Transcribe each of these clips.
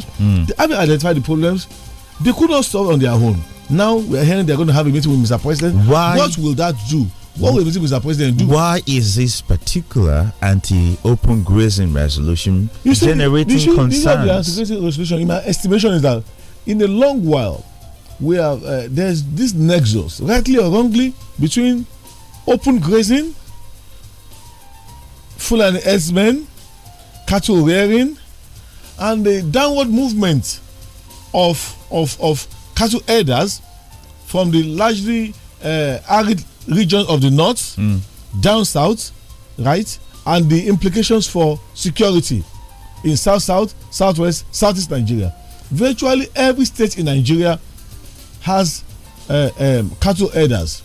Mm. They haven't identified the problems. They could not solve on their own. Now we are hearing they're going to have a meeting with Mr. President. Why? What will that do? What will Mr. President do? Why is this particular anti-open grazing resolution you see, generating you see, concerns? You see, resolution. In my estimation is that in the long while, we have uh, there's this nexus, rightly or wrongly, between open grazing, full and herdsmen, cattle rearing, and the downward movement of of of cattle herders from the largely uh, arid region of the north mm. down south right and the implications for security in south south southwest southeast nigeria virtually every state in nigeria has uh, um, cattle herders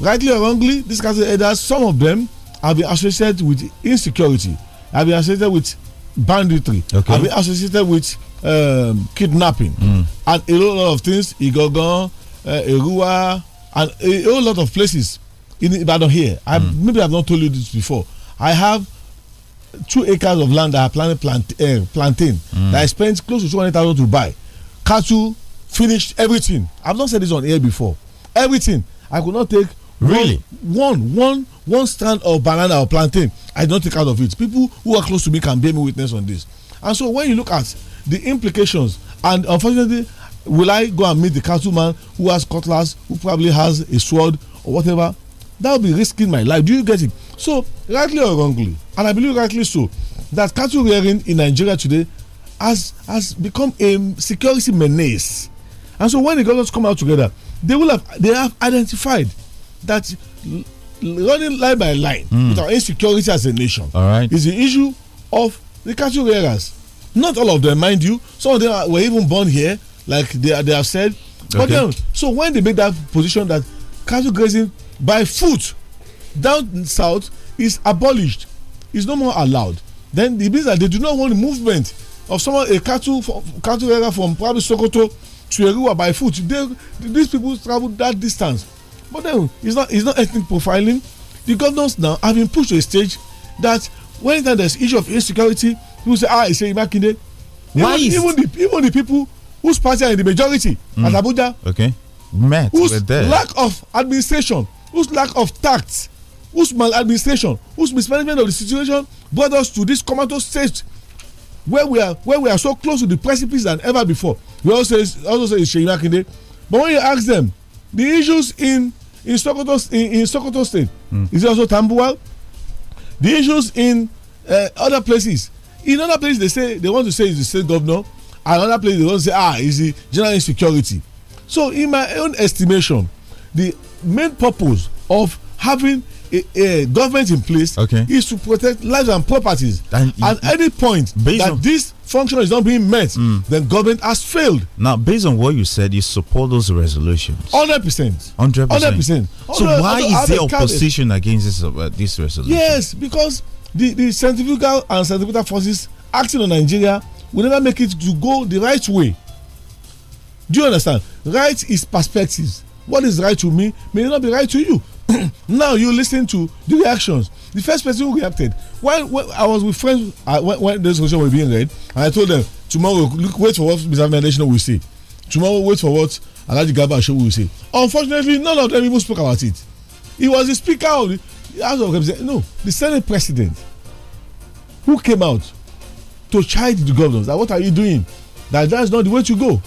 rightly or wrongly these cattle herders some of them have been associated with insecurity have been associated with banditry okay. have been associated with um, kidnapping mm. and a lot of things Igogo, uh, and a whole lot of places in Ibadan here. I mm. maybe I've not told you this before. I have two acres of land that I planted plant, uh, plantain mm. that I spent close to two hundred thousand to buy. Cattle finished everything. I've not said this on air before. Everything I could not take Really? One, one, one strand of banana or plantain, I don't take out of it. People who are close to me can bear me witness on this. And so when you look at the implications, and unfortunately, will I go and meet the cattleman who has cutlass, who probably has a sword or whatever? That would be risking my life. Do you get it? So, rightly or wrongly, and I believe rightly so, that cattle rearing in Nigeria today has has become a security menace. And so when the governments come out together, they will have they have identified that running line by line mm. with our insecurity as a nation all right. is the issue of the cattle rearers. Not all of them, mind you. Some of them are, were even born here, like they, they have said. But then, so when they make that position that cattle grazing by foot down south is abolished, is no more allowed, then it means that they do not want movement of someone, a cattle, cattle rearer from probably Sokoto to Erua by foot. They, these people travel that distance but then it's not it's not ethnic profiling. The governors now have been pushed to a stage that when there's issue of insecurity, people say, ah, it's a Makinde. Why even, is even the even the people whose party are in the majority mm. at Abuja? Okay. Met whose lack of administration, whose lack of tact, whose maladministration, whose mismanagement of the situation brought us to this comatose state where we are where we are so close to the precipice than ever before. We also say, also say it's Sheyi Makinde. But when you ask them, the issues in in Sokoto in, in Sokoto State mm. is also Tambuwal. The issues in uh, other places, in other places they say they want to say is the state governor, and other places they want to say ah is the general insecurity. So in my own estimation, the main purpose of having a, a, government in place okay. is to protect lives and properties. And, At any point that this function is not being met, mm. then government has failed. Now, based on what you said, you support those resolutions. 100 percent. 100 percent. So why is there opposition against this, uh, this resolution? Yes, because the the centrifugal and centrifugal forces acting on Nigeria will never make it to go the right way. Do you understand? Right is perspectives. What is right to me may not be right to you. now you listen to the reactions. The first person who reacted, while, while I was with friends uh, when, this question was being read, and I told them, tomorrow, look, wait for what Mr. National will say. Tomorrow, wait for what Alaji Gaba what will say. Unfortunately, none of them even spoke about it. He was the speaker of the House of Representatives. No, the Senate president who came out to chide the governors that what are you doing? That that's not the way to go.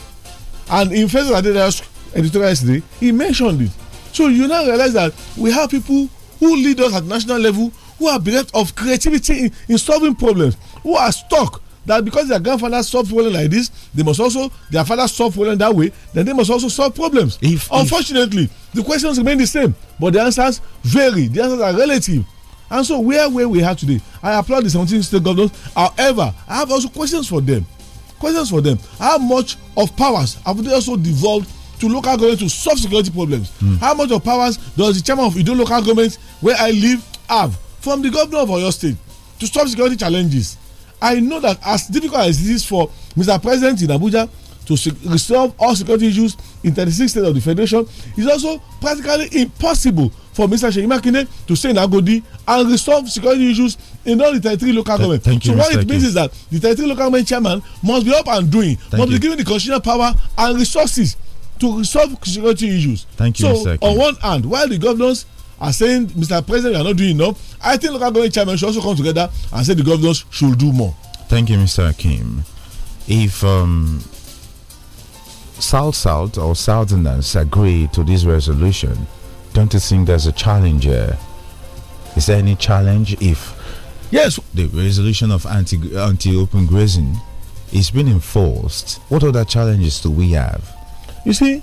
And in fact, I did ask editorial yesterday, he mentioned it so you now realize that we have people who lead us at national level who are bereft of creativity in, in solving problems, who are stuck that because their grandfather solved problems like this, they must also their father solve problems that way. Then they must also solve problems. If, Unfortunately, if. the questions remain the same, but the answers vary. The answers are relative. And so where where we are today, I applaud the 17 state governors. However, I have also questions for them. Questions for them. How much of powers have they also devolved to local government to solve security problems. Mm. How much of powers does the chairman of Ido local government where I live have from the governor of Oyo State to solve security challenges? I know that as difficult as it is for Mr. President in Abuja to resolve all security issues in 36 states of the federation, it's also practically impossible for Mr. Sheyi Makinde to stay in Agodi and resolve security issues in all the 33 local Th government. so you, what Mr. it means is that the 33 local government chairman must be up and doing, thank must you. be given the constitutional power and resources to resolve security issues. Thank you, so, on one hand, while the governors are saying, Mr. President, you are not doing enough, I think local government chairman should also come together and say the governors should do more. Thank you, Mr. Akim. If um, South South or Southerners agree to this resolution, don't you think there's a challenge here? Is there any challenge if yes the resolution of anti anti open grazing is being enforced? What other challenges do we have? You see,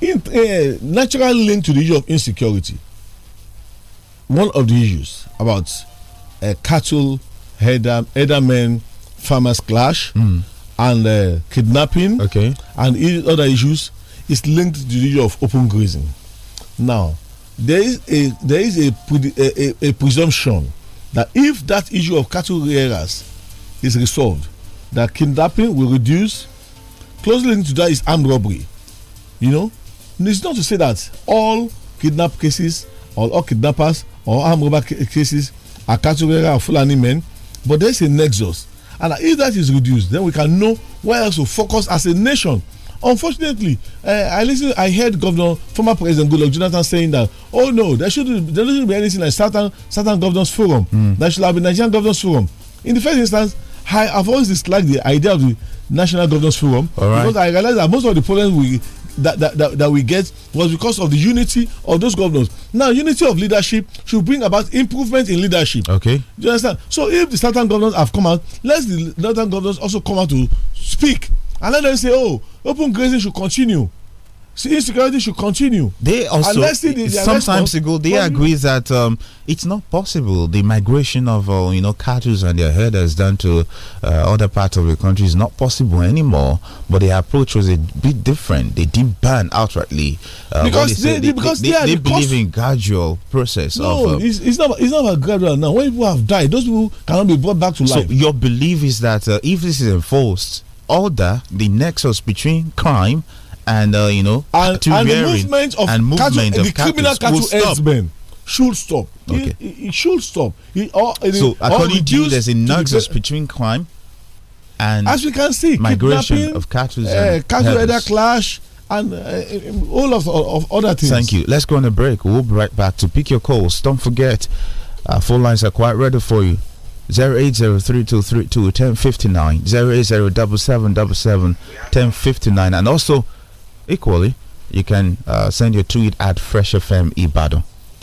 it, uh, eh, naturally linked to the issue of insecurity, one of the issues about uh, cattle herder, herdermen farmers clash mm. and uh, kidnapping okay. and other issues is linked to the issue of open grazing. Now, there is a there is a, a, a presumption that if that issue of cattle rearers is resolved, that kidnapping will reduce. Closely linked to that is armed robbery. You know, it's not to say that all kidnap cases or all kidnappers or armed robber cases are categorized as Fulani men, but there's a nexus. And if that is reduced, then we can know where else to focus as a nation. Unfortunately, uh, I listen, I heard Governor, former President Goodluck Jonathan saying that, oh no, there shouldn't, there shouldn't be anything like certain, certain governors forum. Mm. There should have been Nigerian governors forum. In the first instance, I have always disliked the idea of the National Governors Forum because I realize that most of the problems we that, that, that, that we get was because of the unity of those governors. Now, unity of leadership should bring about improvement in leadership. Okay. Do you understand? So, if the southern governors have come out, let the northern governors also come out to speak and let them say, oh, open grazing should continue See, insecurity should continue. They also they, sometimes ago they continue. agree that um, it's not possible. The migration of uh, you know cattle and their herders down to uh, other parts of the country is not possible anymore. But their approach was a bit different. They didn't ban outrightly uh, because they, they, because they, they believe in gradual process. No, of, uh, it's, it's, not it's not about gradual now. When people have died, those people cannot be brought back to life. So your belief is that uh, if this is enforced, order the nexus between crime and uh, you know and, and the movement of and movement cattle, of the criminal cattle herdsmen should stop. Okay. It, it should stop. It, or, uh, uh, it, so uh, according to you, there's a nexus between crime and as we can see migration of cattle, uh, cattle herder clash. And uh, all of, of other things. Thank you. Let's go on a break. We'll be right back to pick your calls. Don't forget, uh, phone lines are quite ready for you. 08032321059, 08077771059, and also Equally, you can uh, send your tweet at Fresh FM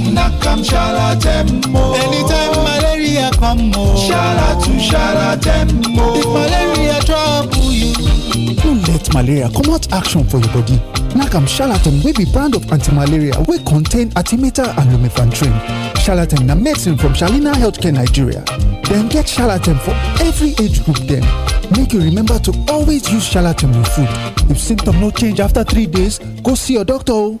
knock am shalatem mo. Oh. anytime malaria come mo. shalatu shalatem mo. if malaria trouble you. no let malaria comot action for your body. nakam charlatan wey be brand of anti-malaria wey contain artimata and lumefantrine. charlatan na medicine from shalina healthcare nigeria dem get charlatan for every age group dem make you remember to always use charlatan with food if symptoms no change after three days go see your doctor o. Oh.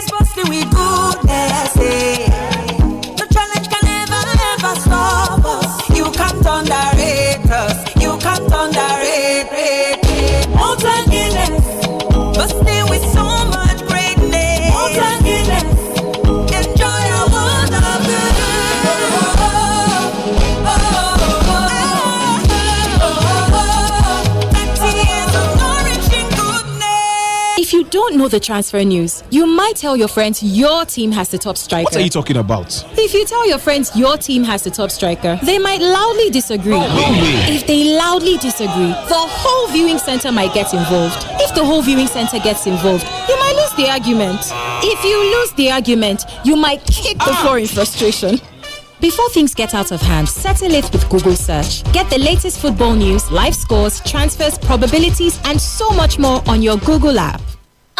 do goodness. don't know the transfer news, you might tell your friends your team has the top striker. What are you talking about? If you tell your friends your team has the top striker, they might loudly disagree. No if they loudly disagree, the whole viewing center might get involved. If the whole viewing center gets involved, you might lose the argument. If you lose the argument, you might kick the ah! floor in frustration. Before things get out of hand, settle it with Google Search. Get the latest football news, live scores, transfers, probabilities, and so much more on your Google app.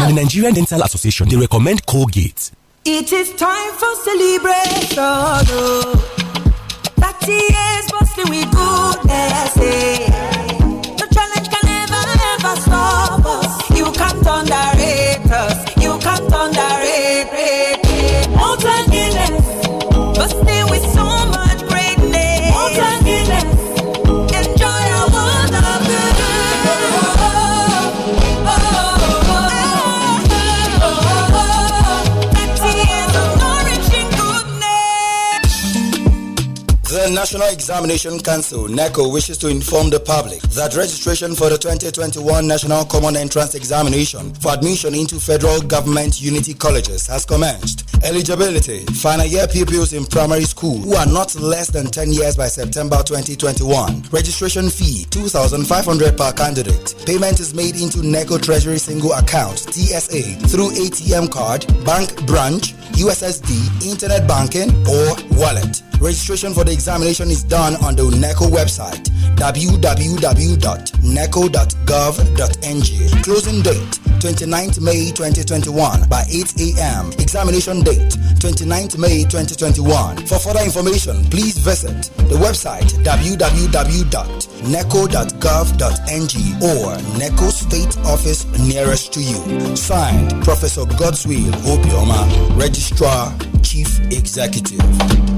Now, the Nigerian Dental Association, they recommend Colgate. It is time for celebration. 30 years bustling with goodness. Eh. The challenge can never ever stop us. You can't underrate us. You can't underrate. Mountain Guinness. National Examination Council, NECO, wishes to inform the public that registration for the 2021 National Common Entrance Examination for admission into federal government unity colleges has commenced. Eligibility Final year pupils in primary school who are not less than 10 years by September 2021. Registration fee 2500 per candidate. Payment is made into NECO Treasury Single Account TSA through ATM card, bank branch, USSD, internet banking, or wallet. Registration for the examination is done on the NECO website www.neco.gov.ng. Closing date 29th May 2021 by 8 a.m. Examination date 29th May 2021. For further information, please visit the website www.neco.gov.ng or NECO State Office nearest to you. Signed, Professor Godswill Opioma, Registrar, Chief Executive.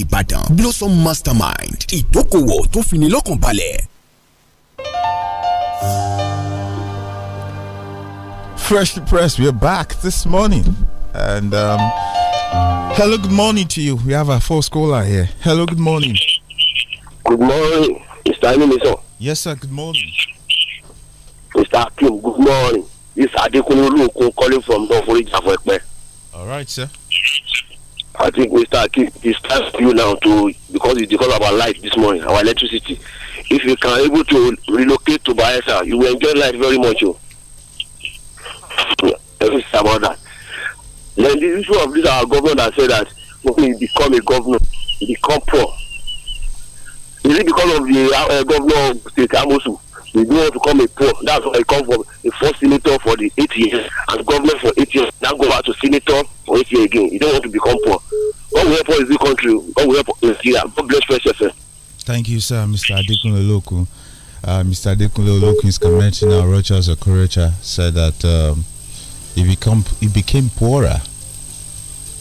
Ìbàdàn Blossom Mastermind ìdókòwò tó fini lọ́kàn balẹ̀. Fresh Press, we're back this morning. And um, hello, good morning to you. We have our first caller here. Hello, good morning. Good morning, Mr. Eminison. Yes, sir, good morning. Mr. Akim, good morning. This is Adekunle Olukun calling from Don Forija for All right, sir. I think we start keep starts you now to because it's because of our light this morning, our electricity. If you can able to relocate to Bayelsa, you will enjoy life very much. Oh. Yeah, about that. Then the issue of this our government that said that when become a governor, you become poor. Is it because of the uh, governor of state Amosu? you don't want to come a poor. That's why I come from a first senator for the eight years and government for eight years. Now go back to senator for eight years again. You don't want to become poor. God will help us this country. God will help us Nigeria. God bless Thank you, sir, Mr. Adekunle Loku. Uh, Mr. Adekunle Loku is commenting now. Rogers Okorecha said that um, he become he became poorer,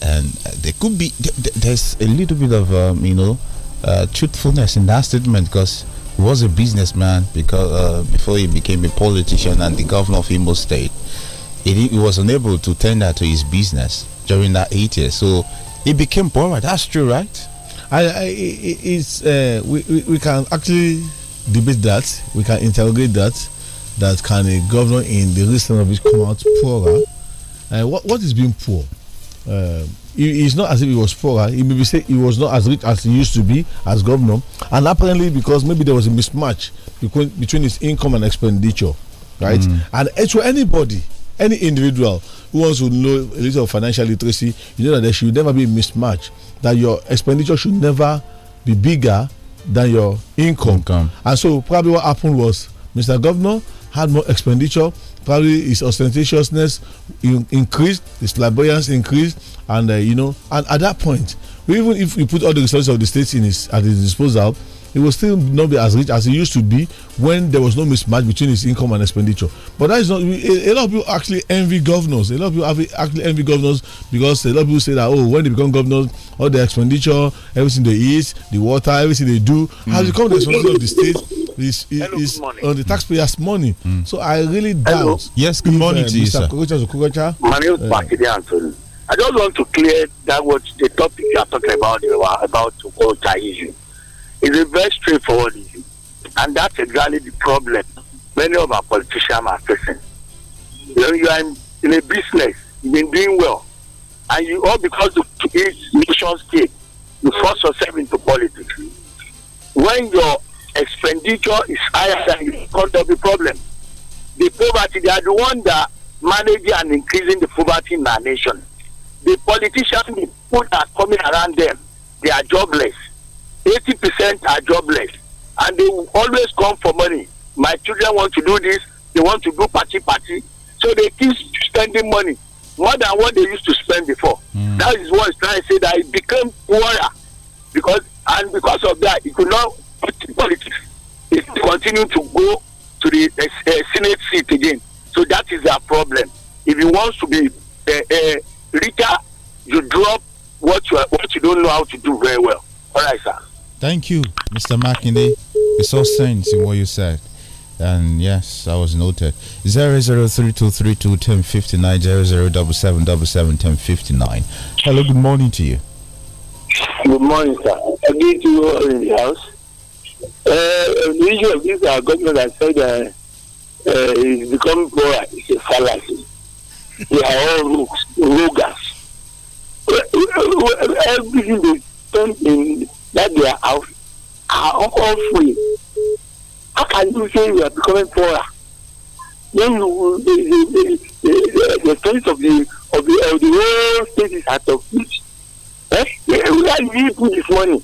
and uh, there could be there's a little bit of um, you know uh, truthfulness in that statement because was a businessman because uh, before he became a politician and the governor of Imo State, he, he was unable to tender to his business during that eight years. So he became poorer. That's true, right? I, I it's uh, we, we, we can actually debate that. We can interrogate that. That can a governor in the recent of it come out poorer? Uh, what what is being poor? Um, he's not as if he was poorer. He maybe say he was not as rich as he used to be as governor, and apparently because maybe there was a mismatch between, his income and expenditure, right? Mm. And actually, anybody, any individual who wants to know a little financial literacy, you know that there should never be a mismatch. That your expenditure should never be bigger than your income. income. And so probably what happened was Mr. Governor had more expenditure probably his ostentatiousness increased, his flamboyance increased, and uh, you know, and at that point, even if you put all the resources of the state in his at his disposal, it will still not be as rich as it used to be when there was no mismatch between his income and expenditure. But that is not a, a lot of people actually envy governors. A lot of people actually envy governors because a lot of people say that oh, when they become governors, all the expenditure, everything they eat, the water, everything they do mm. has hmm. become the responsibility of the state. Is, is, Hello, is on the taxpayers' money. Mm. So I really Hello. doubt. Yes, good morning if, uh, to you, Mr. sir. Kukucha, Kukucha, My name is uh, I just want to clear that what the topic you are talking about about Oja issue. It's a very straightforward issue. And that's exactly the problem many of our politicians are facing. You know, you are in, in a business, you've been doing well, and you all because of each nation's state, you force yourself into politics. When your expenditure is higher than you cause of the problem, the poverty, they are the one that managing and increasing the poverty in our nation. The politicians, the people that are coming around them, they are jobless eighty percent are jobless and they always come for money my children want to do this they want to do party party so they keep spending money more than what they used to spend before mm. that is what i say that it became poorer because and because of that it could not politics it continue to go to the uh, senate seat again so that is their problem if you want to be uh, uh, richer you drop what you what you don't know how to do very well all right sir. Thank you, Mr. Makinde. We saw sense in what you said. And yes, I was noted. 003223210590077771059. Hello, good morning to you. Good morning, sir. Again to you in the house. Uh, the issue of this government has said uh, uh, it's becoming poor. It's a fallacy. they are all rogues, roguers. Everything they turn in that they are out are all free. How can you say we are becoming poorer? Then you, the, the, the, the, strength of the of the of the whole state is out of reach. Eh? We are really put this money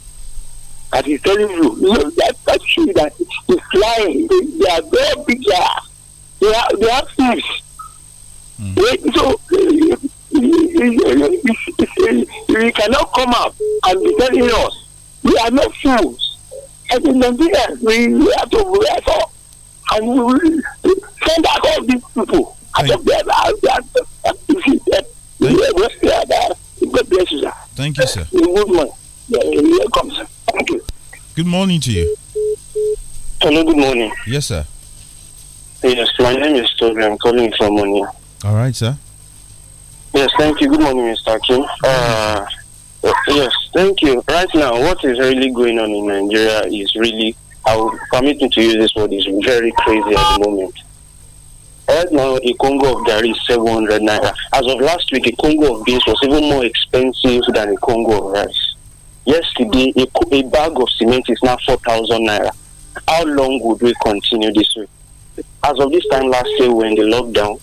that is telling you, you know, that that shoe that is flying. They, they are very big. They are they are thieves. Mm. So we cannot come up and be telling us we are not fools. As in Nigeria, we, we have to wrestle and we will send back all these people. Thank you. Thank you, sir. Thank you. Good morning to you. Hello, good morning. Yes, sir. Yes, my name is Toby. I'm calling from Monia. All right, sir. Yes, thank you. Good morning, Mr. King. Uh, Yes, thank you. Right now, what is really going on in Nigeria is really, I will permit me to use this word, is very crazy at the moment. Right now, a Congo of Gary is 700 naira. As of last week, a Congo of beans was even more expensive than a Congo of rice. Yesterday, a, a bag of cement is now 4,000 naira. How long would we continue this way? As of this time last year, when the lockdown,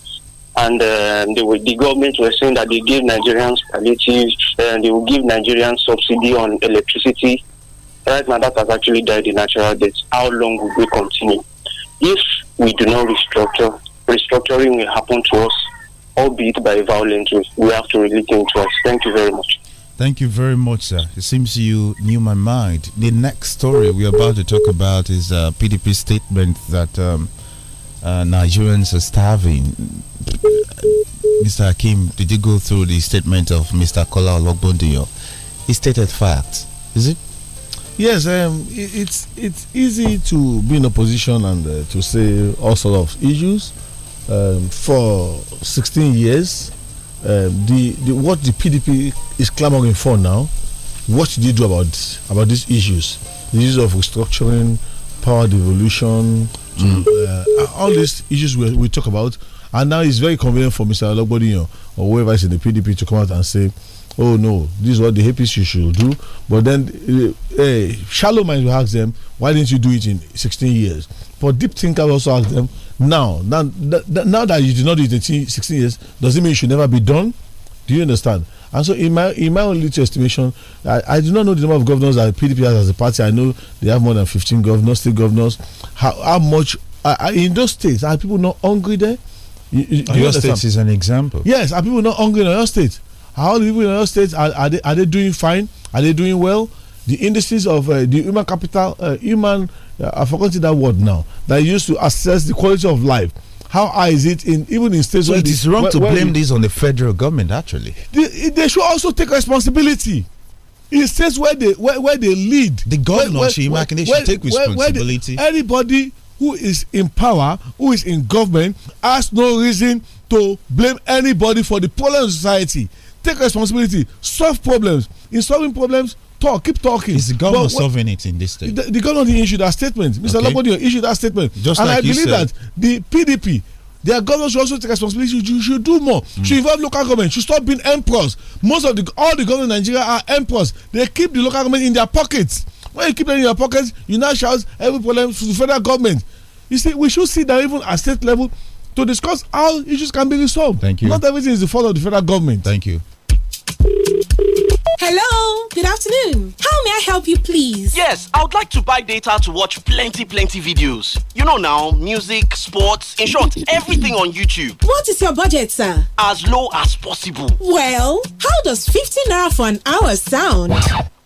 and uh, the government were saying that they give Nigerians palliative, and uh, they will give Nigerians subsidy on electricity. Right now, that has actually died in natural deaths. How long will we continue? If we do not restructure, restructuring will happen to us, albeit by violence. We have to really think twice. Thank you very much. Thank you very much, sir. It seems you knew my mind. The next story we're about to talk about is a uh, PDP statement that. Um, uh, Nigerians are starving. Mr. Hakim, did you go through the statement of Mr. Kola Logbondio? He stated facts, is it? Yes, um, it, it's it's easy to be in opposition and uh, to say all sort of issues. Um, for 16 years, um, the, the what the PDP is clamoring for now, what did you do about about these issues? The issues of restructuring, power devolution, Mm. Uh, all these issues we, we, talk about, and now it's very convenient for Mr. Alogbodinyo or whoever is in the PDP to come out and say, oh no, this is what the APC should do. But then uh, uh, shallow minds will ask them, why didn't you do it in 16 years? But deep thinkers also ask them, now, now, now that you did not do it in 16 years, does it mean it should never be done? Do you understand? And so, in my in my own little estimation, I, I do not know the number of governors that PDP has as a party. I know they have more than 15 governors, state governors. How, how much uh, in those states are people not hungry there? You, you, your state is an example. Yes, are people not hungry in your state? How do people in your state are, are, they are they doing fine? Are they doing well? The industries of uh, the human capital, uh, human, uh, I forgot that word now, that used to assess the quality of life how high is it in even in states? it is wrong where, to where blame this on the federal government. Actually, they, they should also take responsibility in states where they where, where they lead. The governor where, Shima, where, should take responsibility. anybody who is in power, who is in government, has no reason to blame anybody for the problem society. Take responsibility, solve problems. In solving problems, talk, keep talking. Is the government but, solving it in this state? The, the government issued that statement. Mr. Okay. Labodio issued that statement. Just and like I believe said. that the PDP, their government should also take responsibility. You should do more. Mm. Should involve local government. Should stop being emperors. Most of the all the government in Nigeria are emperors. They keep the local government in their pockets. When you keep them in your pockets, you now shout every problem to the federal government. You see, we should see that even at state level to discuss how issues can be resolved. Thank you. Not everything is the fault of the federal government. Thank you. Hello, good afternoon. How may I help you, please? Yes, I would like to buy data to watch plenty, plenty videos. You know now, music, sports, in short, everything on YouTube. What is your budget, sir? As low as possible. Well, how does 15 naira for an hour sound?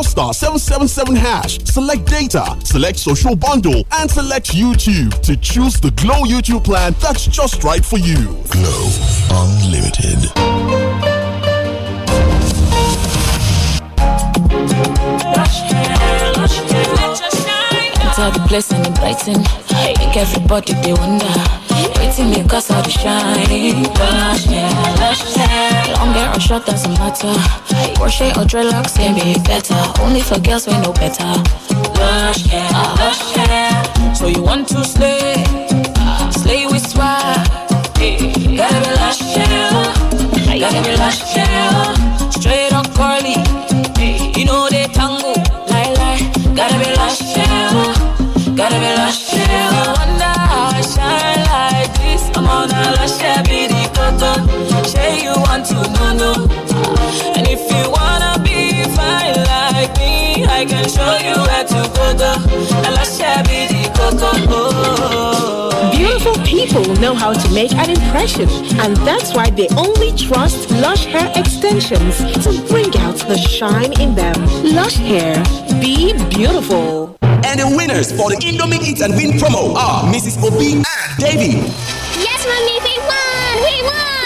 dial star 777 hash, select data, select social bundle, and select YouTube to choose the Glow YouTube plan that's just right for you. Glow Unlimited. It's all the blessing and Make everybody they wonder. Hating me cause all the shine Lush hair, lush hair Long hair or short doesn't matter Crochet or dreadlocks can be better Only for girls we know better Lush hair, lush hair So you want to slay uh, Slay with swag Gotta be lush hair Gotta be lush hair I can show you where to go go. Oh. Beautiful people know how to make an impression, and that's why they only trust Lush Hair Extensions to bring out the shine in them. Lush Hair, be beautiful. And the winners for the Indomie Eat and Win promo are Mrs. Obi and Davy. Yes, mommy, we won! We won!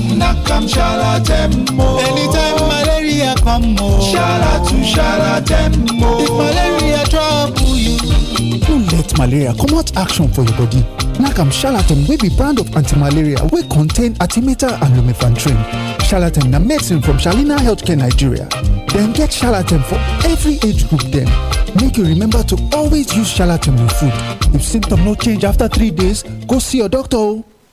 knack am shalatem mo. anytime malaria come mo. Oh. shalatu shalatem mo. if malaria trouble oh, you. no let malaria comot action for your body. Nakam am shalatem wey be brand of anti-malaria wey contain artimata and lumefantrine. shalatem na medicine from shalina healthcare nigeria. dem get shalatem for every age group dem. make you remember to always use shalatem with food. if symptoms no change after three days go see your doctor o. Oh.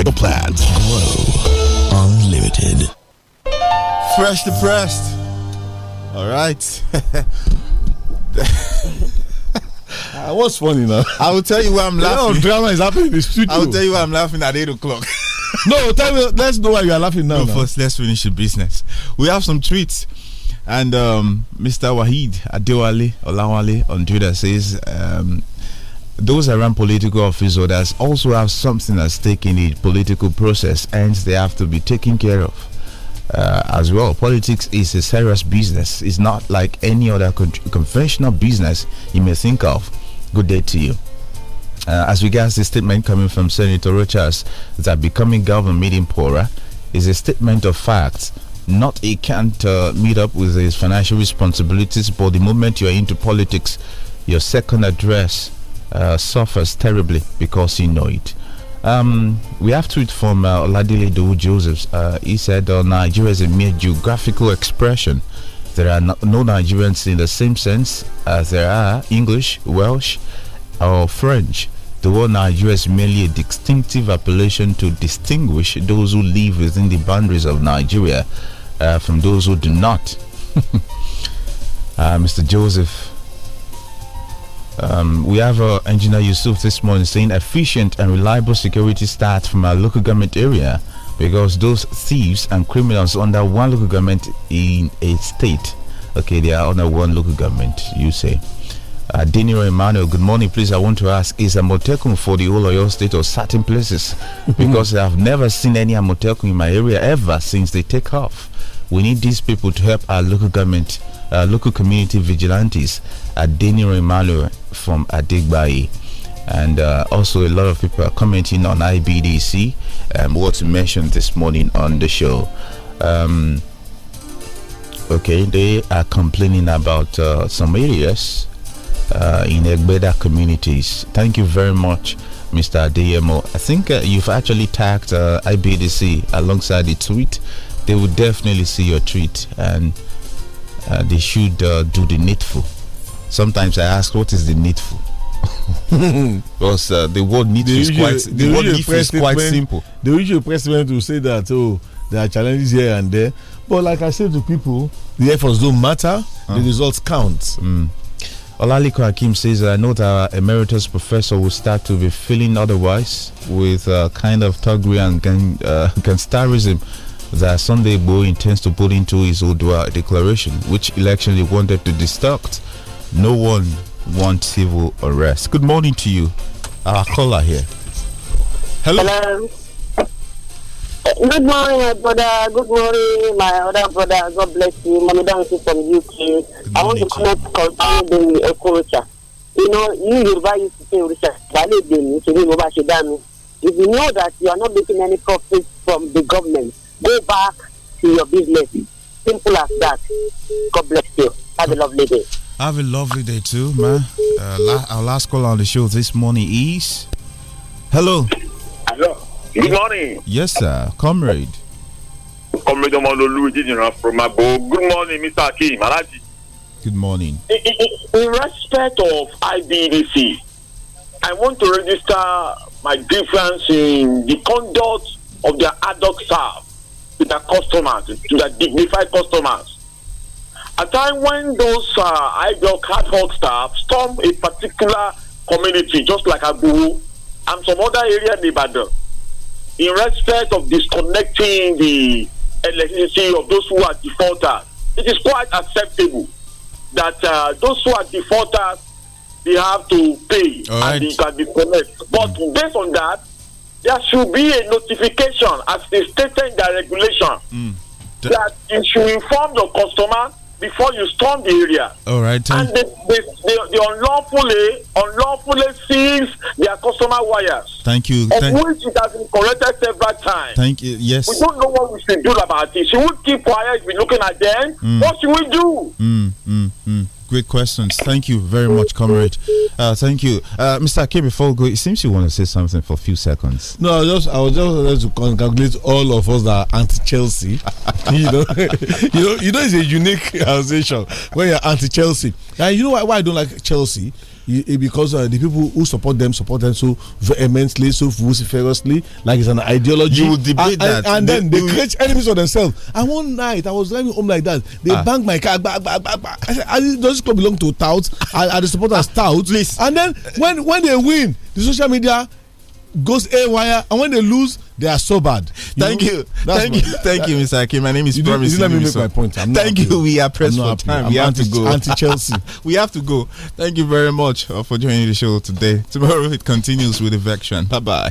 mega plans. Glow Unlimited. Fresh depressed. All right. uh, what's funny now? I will tell you why I'm laughing. You know, drama is happening in the studio. I will tell you why I'm laughing at 8 o'clock. no, tell me, let's know why you are laughing now. No, first, let's finish the business. We have some tweets. And um, Mr. Wahid Adewale Olawale on Twitter says, um, those around political office also have something at stake in the political process and they have to be taken care of. Uh, as well. Politics is a serious business. It's not like any other con conventional business you may think of. Good day to you. Uh, as regards the statement coming from Senator Rochas that becoming governor made poorer is a statement of facts. Not a can't uh, meet up with his financial responsibilities, but the moment you're into politics, your second address uh, suffers terribly because he know it. Um, we have tweet from uh, Oladile Dowu Josephs. Uh, he said, oh, Nigeria is a mere geographical expression. There are no, no Nigerians in the same sense as there are English, Welsh, or French. The word Nigeria is merely a distinctive appellation to distinguish those who live within the boundaries of Nigeria uh, from those who do not. uh, Mr. Joseph um, we have uh, engineer Yusuf this morning saying efficient and reliable security starts from our local government area because those thieves and criminals under one local government in a state. Okay, they are under one local government, you say. Uh, Deniro Emmanuel, good morning. Please, I want to ask is Amotekun for the whole your state or certain places? because I've never seen any Amotekun in my area ever since they take off. We need these people to help our local government, our local community vigilantes, uh, Adeniro Emmanuel from Adigbai, And uh, also, a lot of people are commenting on IBDC, um, what mentioned this morning on the show. Um, okay, they are complaining about uh, some areas uh, in Egbeda communities. Thank you very much, Mr. DMO. I think uh, you've actually tagged uh, IBDC alongside the tweet they will definitely see your tweet and uh, they should uh, do the needful. Sometimes I ask, what is the needful? because uh, the word needful is quite the, the word is quite simple. The usual president will say that oh there are challenges here and there, but like I said to people, the efforts don't matter. The ah. results count. Mm. Olaliko Hakim says, I know that our emeritus professor will start to be feeling otherwise with a uh, kind of thuggery and gan, uh, gangsterism that Sunday boy intends to put into his Odua declaration, which election he wanted to disrupt. No one wants civil arrest. Good morning to you. Ah, Our caller here. Hello. Hello. Good morning, my brother. Good morning, my other brother. God bless you. Mamidansi from UK. I want to up concerning the culture. You know, you Yoruba used to say, Richard, if you know that you are not making any profit from the government, Go back to your business. Simple as that. God bless you. Have a lovely day. Have a lovely day too, man. Uh, la our last call on the show this morning is. Hello. Hello. Good morning. Yes, sir. Comrade. Comrade Omololu, from Abo. Good morning, Mr. Akim. Good morning. In, in, in respect of IBDC, I want to register my difference in the conduct of the adult staff to their customers, to their dignified customers. At time when those uh, ideal cardhawk staff storm a particular community, just like Abu and some other area in Ibadan, in respect of disconnecting the electricity of those who are defaulters, it is quite acceptable that uh, those who are defaulters they have to pay and they can disconnect. But based on that, there should be a notification as they stated in the regulation mm. that you should inform the customer before you storm the area. All right. And the unlawfully, unlawfully seize their customer wires. Thank you. Of Thank which it has been corrected several times. Thank you. Yes. We don't know what we should do about it. Should we keep quiet? We're looking at them. Mm. What should we do? Mm, mm, mm great questions. Thank you very much, comrade. Uh, thank you, uh, Mr. Akim. Before we go, it seems you want to say something for a few seconds. No, I just I was just to congratulate all of us that are anti-Chelsea. you know, you know, you know, it's a unique association when you're anti-Chelsea. And you know why, why I don't like Chelsea Eh, because uh, the people who support them support them so vehemently, so vociferously, like it's an ideology. You will debate and, that. And, and they, then they, create enemies of themselves. And one night I was driving home like that. They ah. banged my car. Bang, bang, bang, I said, ah, does this club belong to touts? I are the supporters ah, touts? And then when when they win, the social media goes haywire and when they lose they are so bad you thank know? you thank my, you thank you mr akim my name is you promise let me make so. my point thank you we are pressed for happy. time I'm we have to go anti chelsea we have to go thank you very much uh, for joining the show today tomorrow it continues with eviction bye bye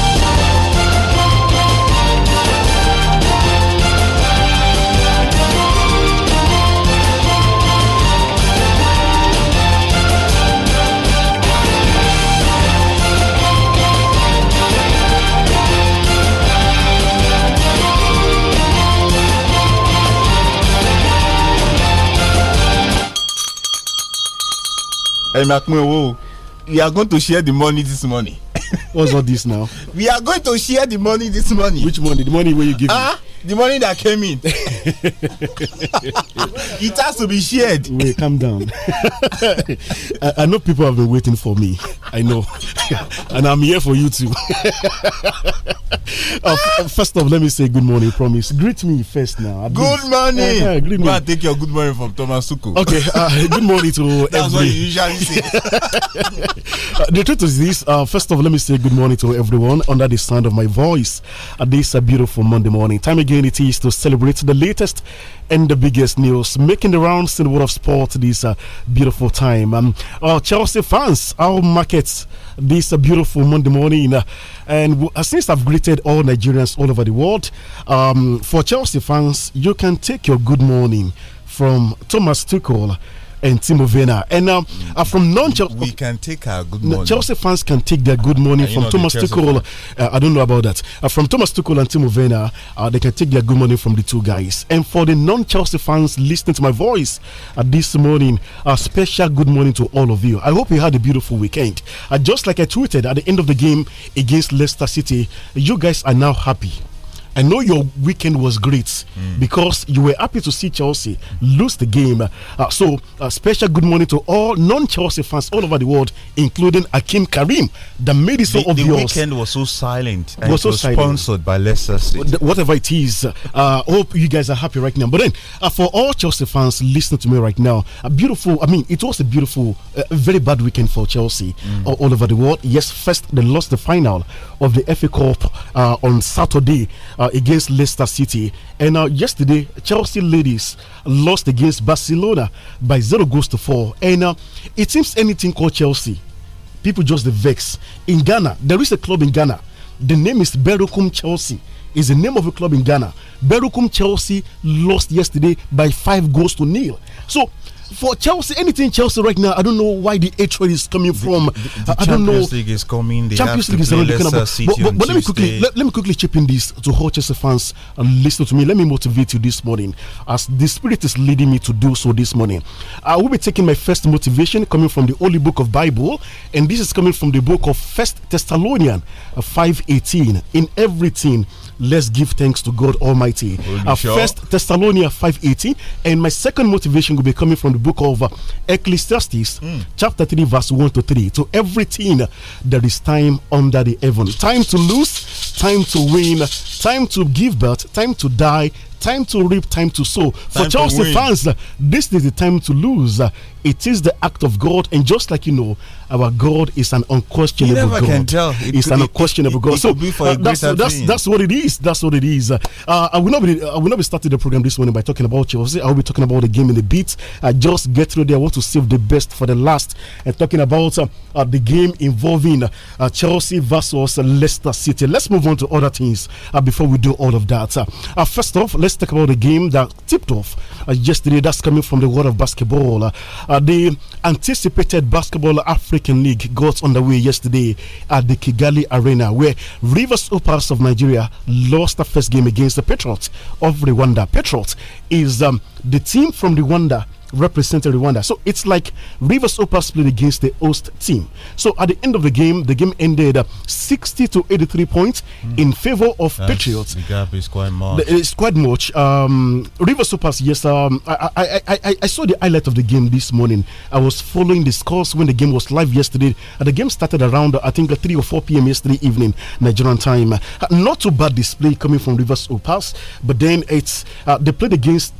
Emakmewo, we are going to share the money this morning. What's all this now? We are going to share the money this morning. Which money? The money where you give uh, me? Ah, the money that came in. it has to be shared. Wait, calm down. I, I, know people have been waiting for me. I know. and I'm here for you too. Uh, first off, let me say good morning, promise. Greet me first now. Good morning. Uh, uh-huh, yeah, greet me. take your good morning from Thomas Suko. Okay, uh, good morning to That's every... what you usually say. Uh, the truth is this. Uh, first of all, let me say good morning to everyone under the sound of my voice. Uh, this a beautiful Monday morning. Time again to celebrate the latest and the biggest news making the rounds in the world of sport this uh, beautiful time. Um, uh, Chelsea fans, our markets this uh, beautiful Monday morning. Uh, and uh, since I've greeted all Nigerians all over the world, um, for Chelsea fans, you can take your good morning from Thomas Tuchel and Timo Werner. And um, uh, from non Chelsea, we can take our good morning. Chelsea fans can take their good morning from Thomas Tuchel. Uh, I don't know about that. Uh, from Thomas Tuchel and Timo Werner, uh, they can take their good morning from the two guys. And for the non Chelsea fans listening to my voice uh, this morning, a special good morning to all of you. I hope you had a beautiful weekend. Uh, just like I tweeted at the end of the game against Leicester City, you guys are now happy I know your weekend was great mm. because you were happy to see Chelsea lose the game. Uh, so, a special good morning to all non Chelsea fans all over the world, including Akim Karim, the medicine it so the, weekend was so silent. And was so was silent. sponsored by Leicester City. Whatever it is, uh, I hope you guys are happy right now. But then, uh, for all Chelsea fans listening to me right now, a beautiful, I mean, it was a beautiful, uh, very bad weekend for Chelsea mm. all over the world. Yes, first, they lost the final of the FA Cup on Saturday uh, against Leicester City. And uh, yesterday, Chelsea ladies lost against Barcelona by zero goals to four. And uh, it seems anything called Chelsea, people just the vex. In Ghana, there is a club in Ghana. The name is Berukum Chelsea. Is the name of a club in Ghana. Berukum Chelsea lost yesterday by five goals to nil. So for Chelsea, anything Chelsea right now, I don't know why the hatred is coming from. The, the, I, don't know. Champions League is coming. They Champions League is looking about. But, but, but let me quickly let, let, me quickly chip in this to all Chelsea fans and listen to me. Let me motivate you this morning, as the Spirit is leading me to do so this morning. I will be taking my first motivation coming from the Holy Book of Bible, and this is coming from the book of First Thessalonians uh, five eighteen. In everything let's give thanks to God Almighty. uh, sure. First Thessalonians 5:18, and my second motivation will be coming from the book of uh, Ecclesiastes, mm. chapter 3, verse 1 to 3. To everything, there is time under the heaven. Time to lose, time to win, time to give birth, time to die, time to reap, time to sow. Time For Chelsea fans, uh, this is the time to lose. Uh, it is the act of God, and just like you know, our God is an unquestionable you never God. Can tell. It it's could, an unquestionable it, God. It, so uh, that's, that's, that's what it is. That's what it is. Uh, I uh, will not be I will not be starting the program this morning by talking about Chelsea. I will be talking about the game in a bit. I just get through there. I want to save the best for the last, and talking about uh, the game involving Chelsea versus Leicester City. Let's move on to other things before we do all of that. first off, let's let's talk about the game that tipped off uh, yesterday. That's coming from the world of basketball. Uh, uh, the anticipated Basketball African League got underway yesterday at the Kigali Arena, where Rivers Opals of Nigeria lost the first game against the Patriots of Rwanda. Patriots is um, the team from Rwanda represented Rwanda. So it's like Rivers Opas played against the host team. So at the end of the game, the game ended uh, 60 to 83 points mm. in favor of That's, Patriots. The gap is quite much. The, it's quite much. Um, Rivers Opas, yes, um, I, I, I, I, I saw the highlight of the game this morning. I was following the scores when the game was live yesterday. Uh, the game started around, uh, I think, 3 or 4 p.m. yesterday evening, Nigerian time. Uh, not too bad display coming from Rivers Opas, but then it's uh, they played against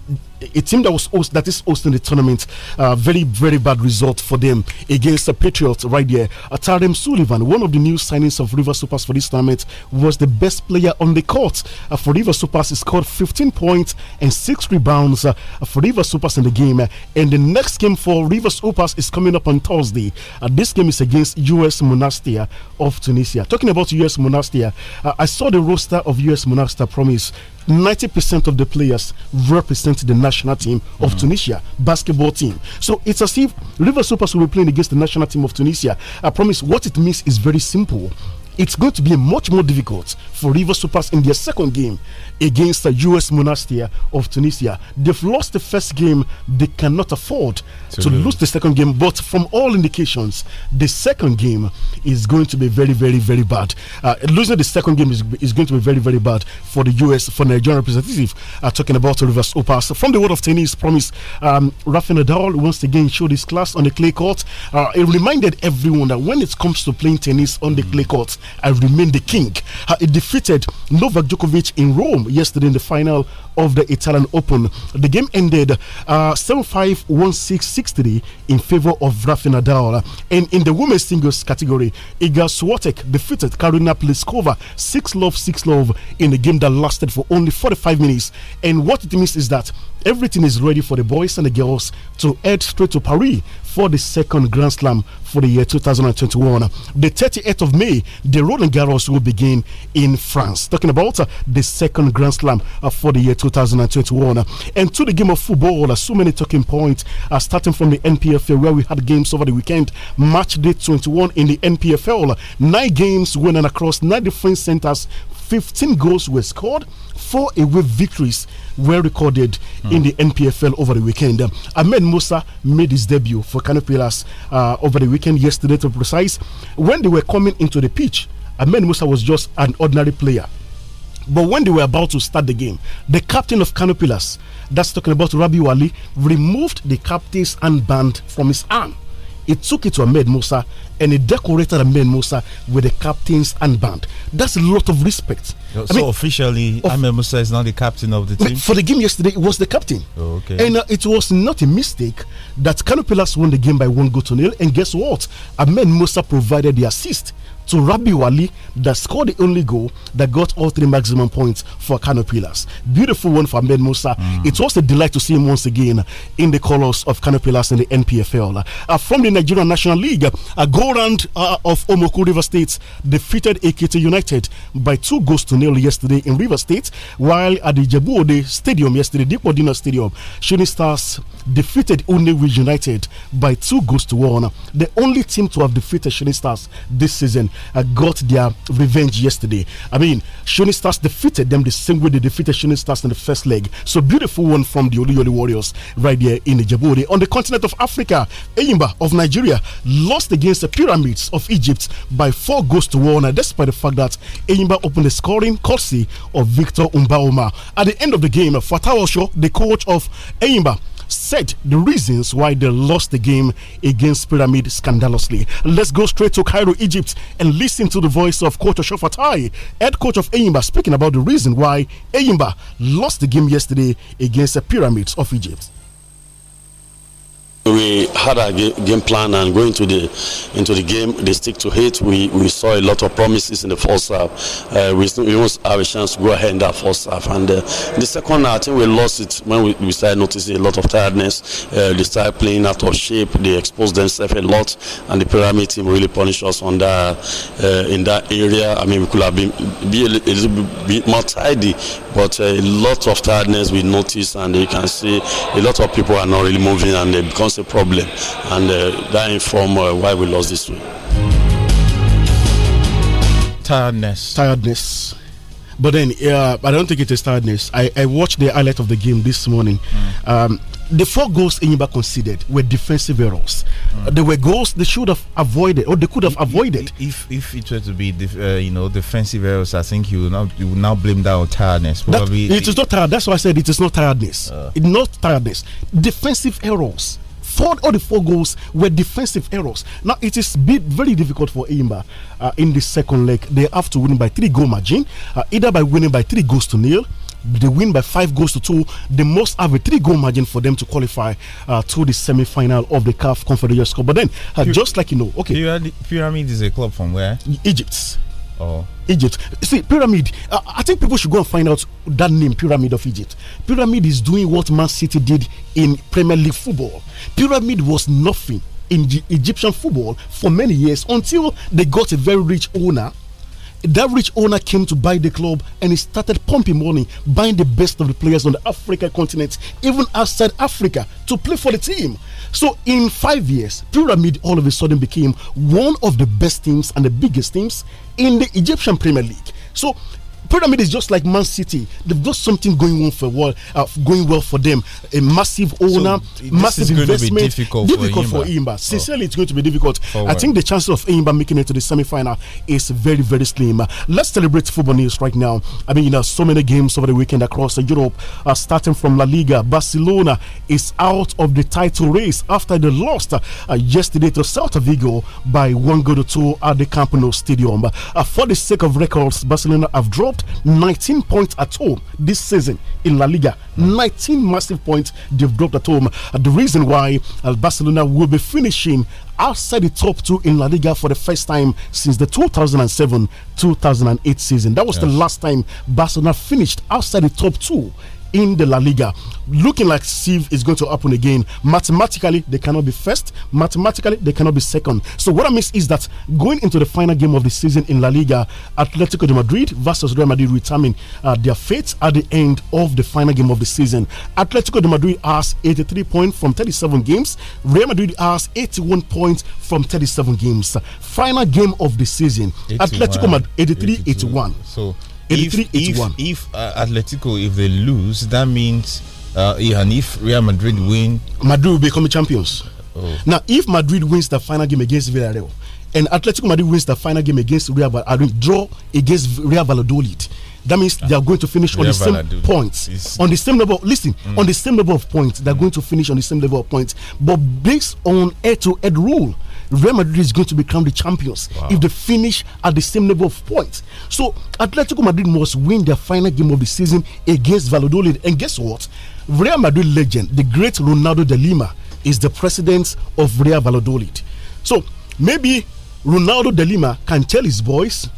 a team that was host, that is hosting the tournament. Uh, very very bad result for them against the Patriots right there. Uh, Sullivan, one of the new signings of River Supers for this tournament, was the best player on the court uh, for River Supers. He scored 15 points and six rebounds uh, for River Supers in the game. and the next game for River Supers is coming up on Thursday. Uh, this game is against US Monastia of Tunisia. Talking about US Monastia, uh, I saw the roster of US Monastia. Promise 90% of the players represent the national team of mm Tunisia basketball team. So it's as if River Supers will be playing against the national team of Tunisia. I promise what it means is very simple it's going to be much more difficult for Rivers to pass in their second game against the US Monastir of Tunisia. They've lost the first game, they cannot afford to, to lose. the second game. But from all indications, the second game is going to be very, very, very bad. Uh, losing the second game is, is going to be very, very bad for the US, for Nigerian representative. Uh, talking about Rivers Opas. From the world of tennis, promise um, Rafael Nadal once again showed his class on the clay court. Uh, it reminded everyone that when it comes to playing tennis on mm the clay court, I remain the king. Uh, he defeated Novak Djokovic in Rome yesterday in the final of the Italian Open. The game ended uh, 7 5 1 6 6 3 in favor of Rafa Nadal. And in the women's singles category, Iga Swiatek defeated Karina Pliskova 6 love 6 love in a game that lasted for only 45 minutes. And what it means is that everything is ready for the boys and the girls to head straight to Paris for the second Grand Slam for the year 2021. The 38th of May, the Roland Garros will begin in France. Talking about uh, the second Grand Slam uh, for the year 2021. and to the game of football, uh, so many talking points uh, starting from the NPFL where we had games over the weekend. Match day 21 in the NPFL. Nine games won and across nine different centers. 15 goals were scored four away victories were recorded mm. in the NPFL over the weekend. Um, Ahmed Musa made his debut for Canopilas uh, over the weekend weekend yesterday to precise, when they were coming into the pitch, Ahmed Musa was just an ordinary player. But when they were about to start the game, the captain of Canopilas, that's talking about Rabi Wali, removed the captain's armband from his arm. He took it to Ahmed Musa and he decorated Ahmed Musa with the captain's handband. That's a lot of respect. So, I mean, officially, of, Ahmed Musa is now the captain of the team? For the game yesterday, it was the captain. Oh, okay. And uh, it was not a mistake that Canopilas won the game by one goal to nil. And guess what? Ahmed Musa provided the assist to Rabi Wali that scored the only goal that got all three maximum points for Kano Pillars. Beautiful one for Ben Musa. Mm. It was a delight to see him once again in the colours of Kano Pillars in the NPFL. Uh, from the Nigerian National League, a goal round uh, of Omoku River State defeated AKT United by two goals to nil yesterday in River State, while at the Jebu Ode Stadium yesterday, Deep Dino Stadium, Shooting Stars defeated Unewi United by two goals to one. The only team to have defeated Shooting Stars this season uh, got their revenge yesterday. I mean, Shooting Stars defeated them the same way they defeated Shooting Stars in the first leg. So beautiful one from the Oluyole Warriors right there in Djibouti. On the continent of Africa, Eyimba of Nigeria lost against the Pyramids of Egypt by four goals to one, uh, despite the fact that Eyimba opened the scoring courtesy of Victor Umbaoma. At the end of the game, Fatawa show the coach of Eyimba, said the reasons why they lost the game against Pyramid scandalously. Let's go straight to Cairo, Egypt, and listen to the voice of Coach Oshofatai, head coach of Eyimba, speaking about the reason why Eyimba lost the game yesterday against the Pyramids of Egypt. We had a game plan and going into the into the game, they stick to hit. We we saw a lot of promises in the first half. Uh, we still, we almost have a chance to go ahead in that first half. And uh, the second half, I think we lost it when we, we started noticing a lot of tiredness. Uh, they started playing out of shape. They exposed themselves a lot, and the pyramid team really punished us on that uh, in that area. I mean, we could have been be a, little bit more tidy, but uh, a lot of tiredness we noticed, and you can see a lot of people are not really moving, and they become a problem, and uh, that informs uh, why we lost this one. Tiredness. Tiredness. But then I don't think it is tiredness. I, I watched the highlight of the game this morning. Mm. Um, the four goals Enyimba conceded were defensive errors. Mm. There were goals they should have avoided or they could have if, avoided. If if it were to be uh, you know defensive errors, I think you will now you will now blame that on tiredness. That, it is not tired. That's why I said it is not tiredness. Uh. It not tiredness. Defensive errors four, all the four goals were defensive errors. Now, it is very difficult for Imba uh, in the second leg. They have to win by three goal margin, uh, either by winning by three goals to nil they win by five goals to two, they must have a three goal margin for them to qualify uh, to the semi final of the CAF Confederation Cup. But then, uh, just like you know, okay. Pyramid is a club from where? Egypt. Oh. Egypt. See, pyramid. Uh, I think people should go and find out that name, Pyramid of Egypt. Pyramid is doing what Man City did in Premier League football. Pyramid was nothing in the Egyptian football for many years until they got a very rich owner that rich owner came to buy the club and he started pumping money, buying the best of the players on the African continent, even outside Africa, to play for the team. So in five years, Pyramid all of a sudden became one of the best teams and the biggest teams in the Egyptian Premier League. So Pyramid is just like Man City. They've got something going on for well, uh, going well for them. A massive owner, so massive investment. difficult, difficult for, Imba. Oh. Sincerely, oh. it's going to be difficult. I think the chances of Imba making it to the semi-final is very, very slim. Uh, let's celebrate football news right now. I mean, you know, so many games over the weekend across Europe, uh, starting from La Liga. Barcelona is out of the title race after they lost uh, yesterday to Celta Vigo by one goal to two at the Camp Nou Stadium. Uh, for the sake of records, Barcelona have dropped 19 points at home this season in La Liga. 19 massive points they've dropped at home. Uh, the reason why uh, Barcelona will be finishing outside the top two in La Liga for the first time since the 2007 2008 season. That was yes. the last time Barcelona finished outside the top two in the La Liga. Looking like Steve is going to happen again. Mathematically, they cannot be first. Mathematically, they cannot be second. So what I mean is that going into the final game of the season in La Liga, Atletico de Madrid versus Real Madrid determine uh, their fate at the end of the final game of the season. Atletico de Madrid has 83 points from 37 games. Real Madrid has 81 points from 37 games. Final game of the season. 81, Atletico Madrid 83 82. 81. So if, If, uh, Atletico, if they lose, that means, uh, and if Real Madrid win, Madrid will become champions. Oh. Now, if Madrid wins the final game against Villarreal and Atletico Madrid wins the final game against Real, Madrid, draw against Real Valladolid that means they are going to finish on the same points, on the same level. Listen, mm. on the same level of points, they're mm. going to finish on the same level of points. But based on head-to-head -head rule, Real Madrid is going to become the champions wow. if they finish at the same level of points. So Atletico Madrid must win their final game of the season against Valladolid. And guess what? Real Madrid legend, the great Ronaldo de Lima, is the president of Real Valladolid. So maybe Ronaldo de Lima can tell his boys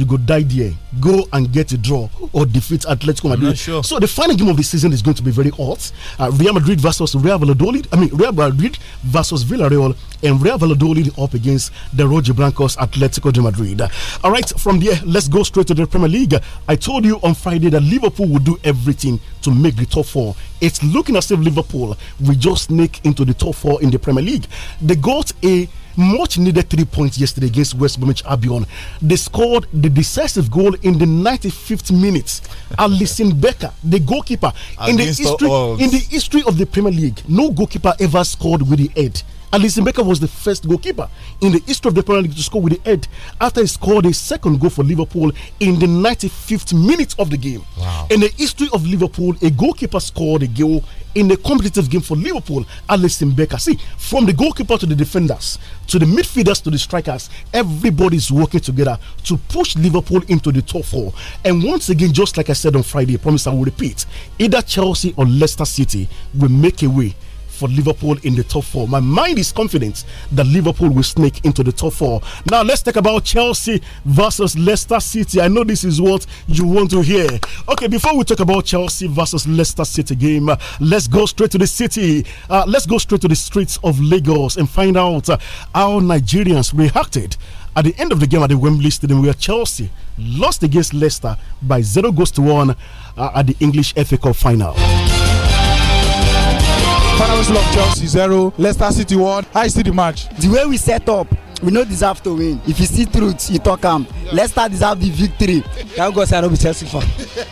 you go die there. Go and get a draw or defeat Atletico Madrid. Sure. So the final game of the season is going to be very hot. Uh, Real Madrid versus Real Valladolid. I mean Real Madrid versus Villarreal and Real Valladolid up against the Roger Blancos Atletico de Madrid. All right, from there, let's go straight to the Premier League. I told you on Friday that Liverpool would do everything to make the top four. It's looking as if Liverpool will just sneak into the top four in the Premier League. They got a much needed three points yesterday against West Bromwich Albion. They scored the decisive goal in the 95th minute. Alison Becker, the goalkeeper, in the history the in the history of the Premier League, no goalkeeper ever scored with the head. Alison Becker was the first goalkeeper in the history of the Premier League to score with the head after he scored a second goal for Liverpool in the 95th minute of the game. Wow. In the history of Liverpool, a goalkeeper scored a goal in a competitive game for Liverpool, Alison Becker. See, from the goalkeeper to the defenders, to the midfielders to the strikers, everybody's working together to push Liverpool into the top four. And once again, just like I said on Friday, I promise I will repeat either Chelsea or Leicester City will make a way for Liverpool in the top four. My mind is confident that Liverpool will sneak into the top four. Now let's talk about Chelsea versus Leicester City. I know this is what you want to hear. Okay, before we talk about Chelsea versus Leicester City game, uh, let's go straight to the city. Uh, let's go straight to the streets of Lagos and find out uh, how Nigerians reacted at the end of the game at the Wembley Stadium, where Chelsea lost against Leicester by zero goals to one uh, at the English FA Cup final. Finalist lock Chelsea zero, Leicester City one. How you see the match? The way we set up, we no deserve to win. If you see truth, you talk am. Leicester deserve the victory. Thank God say I no be Chelsea fan.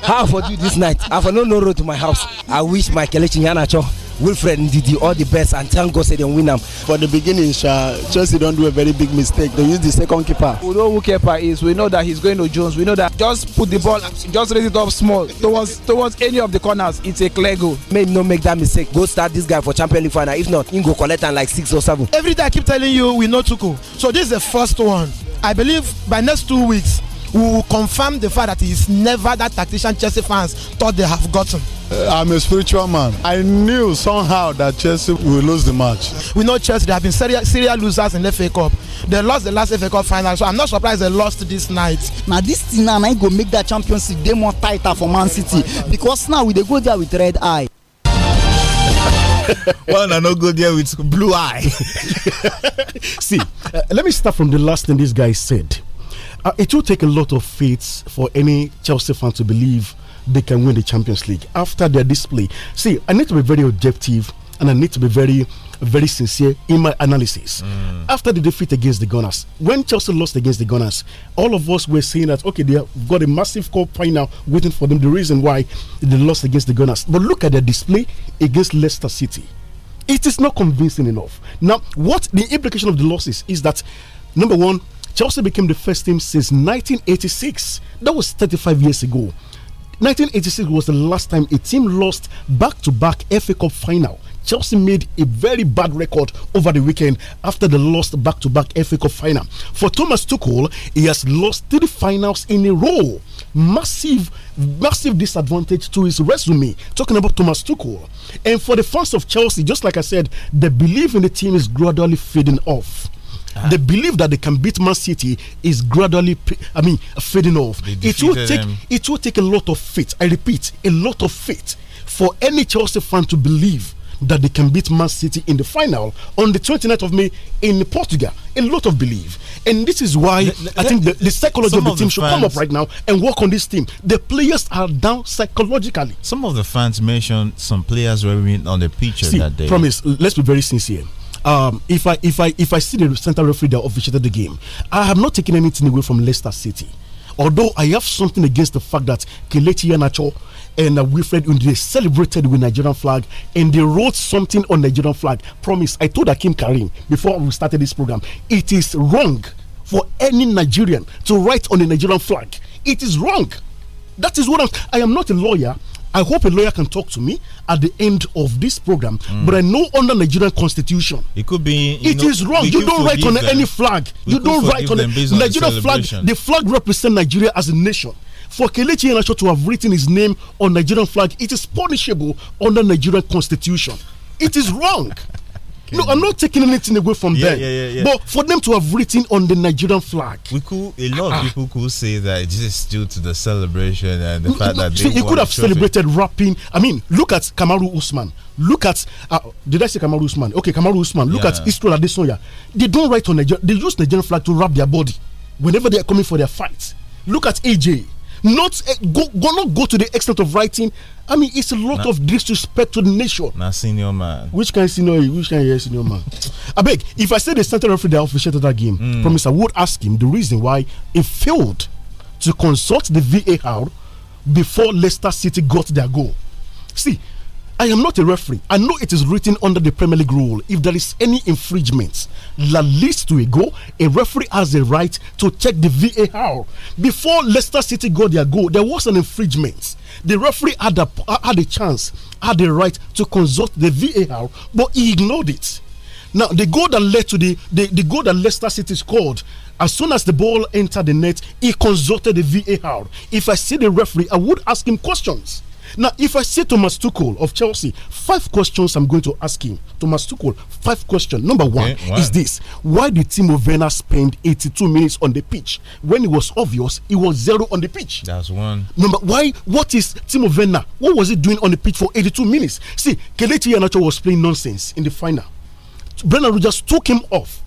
How for do this night? I for no no road to my house. I wish my Kelechi Iheanacho wilfred ndidi all the best and thank god say dem win am. for the beginning sha chelsea don do a very big mistake they use the second keeper. we know who keeper is we know that he's going to jones we know that just put the ball just raise it up small towards towards any of the corners it's a clear goal. make no make that mistake go start this guy for Champions league final if not him go collect and like six or seven. every day i keep telling you we no tuko so this is the first one i believe by next two weeks we will confirm the fact that he is never that tactician Chelsea fans thought they have gotten. Uh, I'm a spiritual man. I knew somehow that Chelsea will lose the match. We know Chelsea, they have been serial serious losers in the FA Cup. They lost the last FA Cup final, so I'm not surprised they lost this night. Now, this thing now, I go make that championship day more tighter for Man City because now we they go there with red eye. one I no go there with blue eye. See, uh, let me start from the last thing this guy said. Uh, it will take a lot of faith for any Chelsea fan to believe they can win the Champions League after their display. See, I need to be very objective and I need to be very, very sincere in my analysis. Mm. After the defeat against the Gunners, when Chelsea lost against the Gunners, all of us were saying that, okay, they have got a massive cup final waiting for them. The reason why they lost against the Gunners. But look at their display against Leicester City. It is not convincing enough. Now, what the implication of the losses is that, number one, Chelsea became the first team since 1986. That was 35 years ago. 1986 was the last time a team lost back to back FA Cup final. Chelsea made a very bad record over the weekend after the lost back to back FA Cup final. For Thomas Tuchel, he has lost three finals in a row. Massive, massive disadvantage to his resume. Talking about Thomas Tuchel. And for the fans of Chelsea, just like I said, the belief in the team is gradually fading off Ah. The belief that they can beat Man City is gradually, I mean, fading off. It will take them. it will take a lot of faith. I repeat, a lot of faith for any Chelsea fan to believe that they can beat Man City in the final on the 29th of May in Portugal. A lot of belief. And this is why I think the, the psychology of the of team should come up right now and work on this team. The players are down psychologically. Some of the fans mentioned some players were on the picture See, that day. Promise, let's be very sincere um, if I if I if I see the central referee that officiated the game, I have not taken anything away from Leicester City. Although I have something against the fact that Kelechi Iheanacho and uh, Wilfred Undie celebrated with Nigerian flag and they wrote something on Nigerian flag. Promise, I told Akim Karim before we started this program, it is wrong for any Nigerian to write on a Nigerian flag. It is wrong. That is what I'm, I am not a lawyer. I hope a lawyer can talk to me at the end of this program. Mm. But I know under Nigerian constitution, it could be. It know, is wrong. You don't write on them. any flag. We you don't write on the Nigerian flag. The flag represents Nigeria as a nation for Kelechi Iheanacho to have written his name on Nigerian flag, it is punishable under Nigerian constitution. It is wrong. No, I'm not taking anything away from yeah, them. Yeah, yeah, yeah. But for them to have written on the Nigerian flag, we could a lot of ah. people could say that this is due to the celebration and the no, fact no, that see, they. could have celebrated rapping. I mean, look at Kamaru Usman. Look at uh, did I say Kamaru Usman? Okay, Kamaru Usman. Look yeah. at Israel Adesanya. They don't write on Nigeria. They use Nigerian flag to wrap their body whenever they are coming for their fights. Look at AJ. Not eh, go, go not go to the extent of writing. I mean, it's a lot nah. of disrespect to the nation. nah, senior man. Which kind of senior? Which kind of senior man? I beg. If I say the center referee that officiated that game, mm. promise I would ask him the reason why he failed to consult the VAR before Leicester City got their goal. See, I am not a referee. I know it is written under the Premier League rule. If there is any infringement that leads to a goal, a referee has the right to check the VAR. Before Leicester City got their goal, there was an infringement. The referee had a, had a chance, had the right to consult the VAR, but he ignored it. Now, the goal that led to the, the, the goal that Leicester City scored as soon as the ball entered the net, he consulted the VAR. If I see the referee, I would ask him questions. Now, if I say Thomas Tuchel of Chelsea, five questions I'm going to ask him. Thomas Tuchel, five questions. Number one okay, is this Why did Timo Werner spend 82 minutes on the pitch when it was obvious he was zero on the pitch? That's one. Number why? What is Timo Werner? What was he doing on the pitch for 82 minutes? See, Kelechi Iheanacho was playing nonsense in the final. Brendan just took him off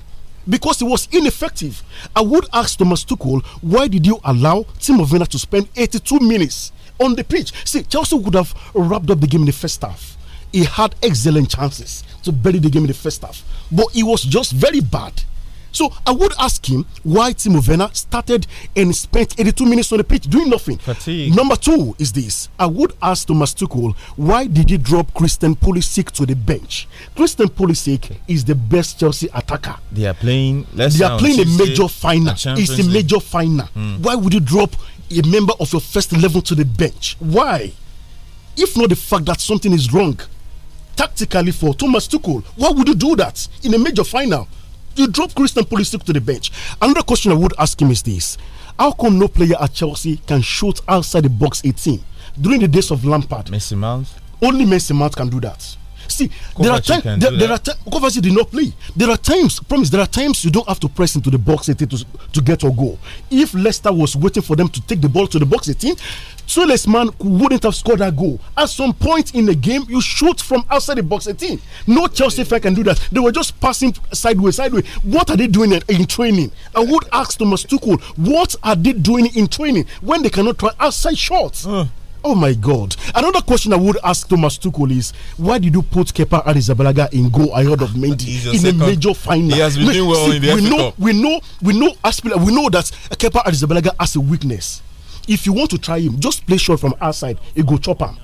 because he was ineffective. I would ask Thomas Tuchel, why did you allow Timo Werner to spend 82 minutes? on the pitch. See, Chelsea would have wrapped up the game in the first half. He had excellent chances to bury the game in the first half, but it was just very bad. So I would ask him why Timo Werner started and spent 82 minutes on the pitch doing nothing. Fatigue. Number two is this. I would ask Thomas Tuchel why did he drop Christian Pulisic to the bench? Christian Pulisic is the best Chelsea attacker. They are playing. they are playing a major final. It's a major final. Mm. Why would you drop a member of your first 11 to the bench. Why? If not the fact that something is wrong tactically for Thomas Tuchel, why would you do that in a major final? You drop Christian Pulisic to the bench. Another question I would ask him is this How come no player at Chelsea can shoot outside the box 18 during the days of Lampard? Messi Mount? Only Messi Mount can do that. See, Kovacic there are times there, there, are times Kovacic did not play. There are times, promise, there are times you don't have to press into the box 18 to, to get a goal. If Leicester was waiting for them to take the ball to the box 18, man wouldn't have scored that goal. At some point in the game, you shoot from outside the box 18. No Chelsea fan can do that. They were just passing sideways, sideways. What are they doing in, in training? I would ask Thomas Tuchel, what are they doing in training when they cannot try outside shots? Uh. Oh my God! Another question I would ask Thomas Tuchel is why did you put Kepa Arrizabalaga in goal ahead of Mendy in second. a major final? He has been doing well See, in the we know, we know, we know, we know that Kepa Arrizabalaga has a weakness. If you want to try him, just play short from outside. It go chop him.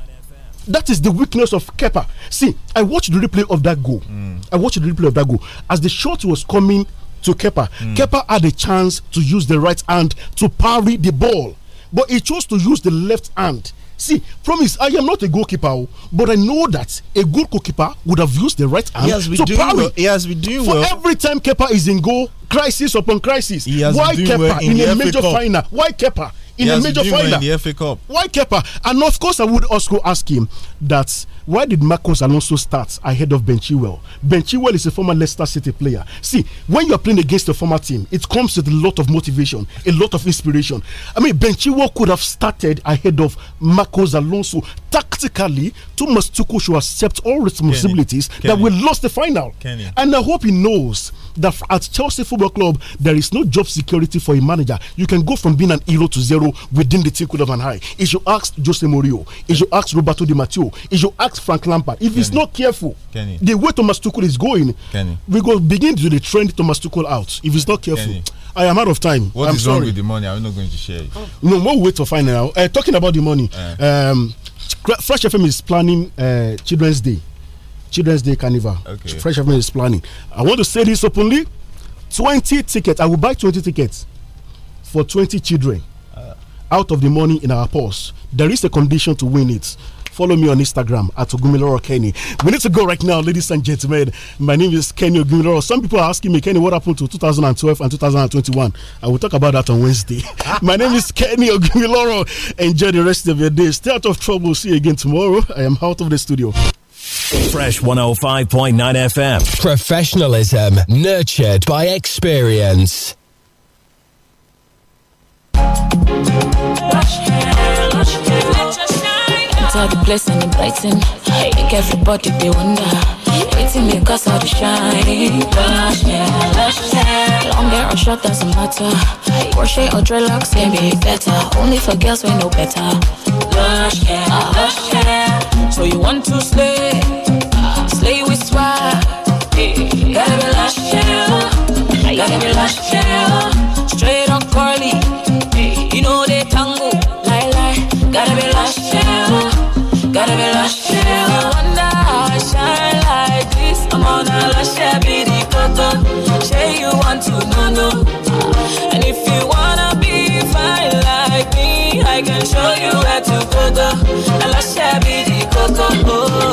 That is the weakness of Kepa. See, I watched the replay of that goal. Mm. I watched the replay of that goal as the shot was coming to Kepa. Mm. Kepa had a chance to use the right hand to parry the ball, but he chose to use the left hand See, promise, I am not a goalkeeper, oh, but I know that a good goalkeeper would have used the right arm. Yes, we so do. Well. Yes, we do. For well. every time Kepa is in goal, crisis upon crisis. Why Kepa in, in a major final? Why Kepa in a major final in the FA Cup. Why Kepa? And of course, I would also ask him that why did Marcos Alonso start ahead of Ben Chilwell? Ben Chilwell is a former Leicester City player. See, when you are playing against a former team, it comes with a lot of motivation, a lot of inspiration. I mean, Ben Chilwell could have started ahead of Marcos Alonso tactically. Thomas Tuchel should accept all responsibilities Kenny. that we lost the final. Kenny. And I hope he knows that at Chelsea Football Club, there is no job security for a manager. You can go from being an hero to zero within the team. of an eye. If you ask Jose Mourinho, if you ask Roberto Di Matteo, if you ask Frank Lampard, if he's not careful, Kenny. the way Thomas Tuchel is going, Kenny. we go begin to the trend Thomas Tuchel out if he's not careful. Kenny. I am out of time. What I'm is sorry. wrong with the money? I'm not going to share it. Oh. No, we'll wait to find out. Uh, talking about the money, uh. um, Fresh FM is planning uh, Children's Day. Children's Day Carnival. Okay. Fresh Avenue is planning. I want to say this openly 20 tickets. I will buy 20 tickets for 20 children uh. out of the money in our purse. There is a condition to win it. Follow me on Instagram at Ogumiloro Kenny. We need to go right now, ladies and gentlemen. My name is Kenny Ogumiloro. Some people are asking me, Kenny, what happened to 2012 and 2021? I will talk about that on Wednesday. My name is Kenny Ogumiloro. Enjoy the rest of your day. Stay out of trouble. See you again tomorrow. I am out of the studio. Fresh 105.9 FM. Professionalism nurtured by experience. Lush hair, lush hair. It's all the blessing and blighting. Make everybody they wonder. Hitting me cause all just shine Lush hair, lush hair Long hair or short doesn't matter Crochet or dreadlocks can be better Only for girls we know better Lush hair, lush hair So you want to slay uh, Slay with swag Gotta be lush hair Gotta be lush hair Straight or curly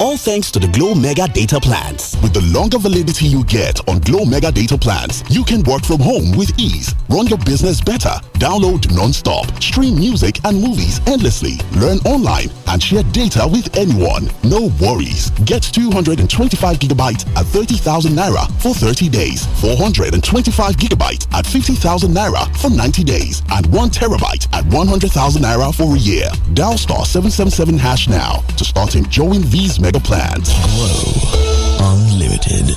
all thanks to the Glow Mega Data Plans. With the longer validity you get on Glow Mega Data Plans, you can work from home with ease, run your business better, download non-stop, stream music and movies endlessly, learn online and share data with anyone. No worries. Get 225 gigabyte at 30,000 naira for 30 days, 425 gigabyte at 50,000 naira for 90 days, and 1 terabyte at 100,000 naira for a year. Dial star 777 hash now to start enjoying these mega plans. Glow Unlimited.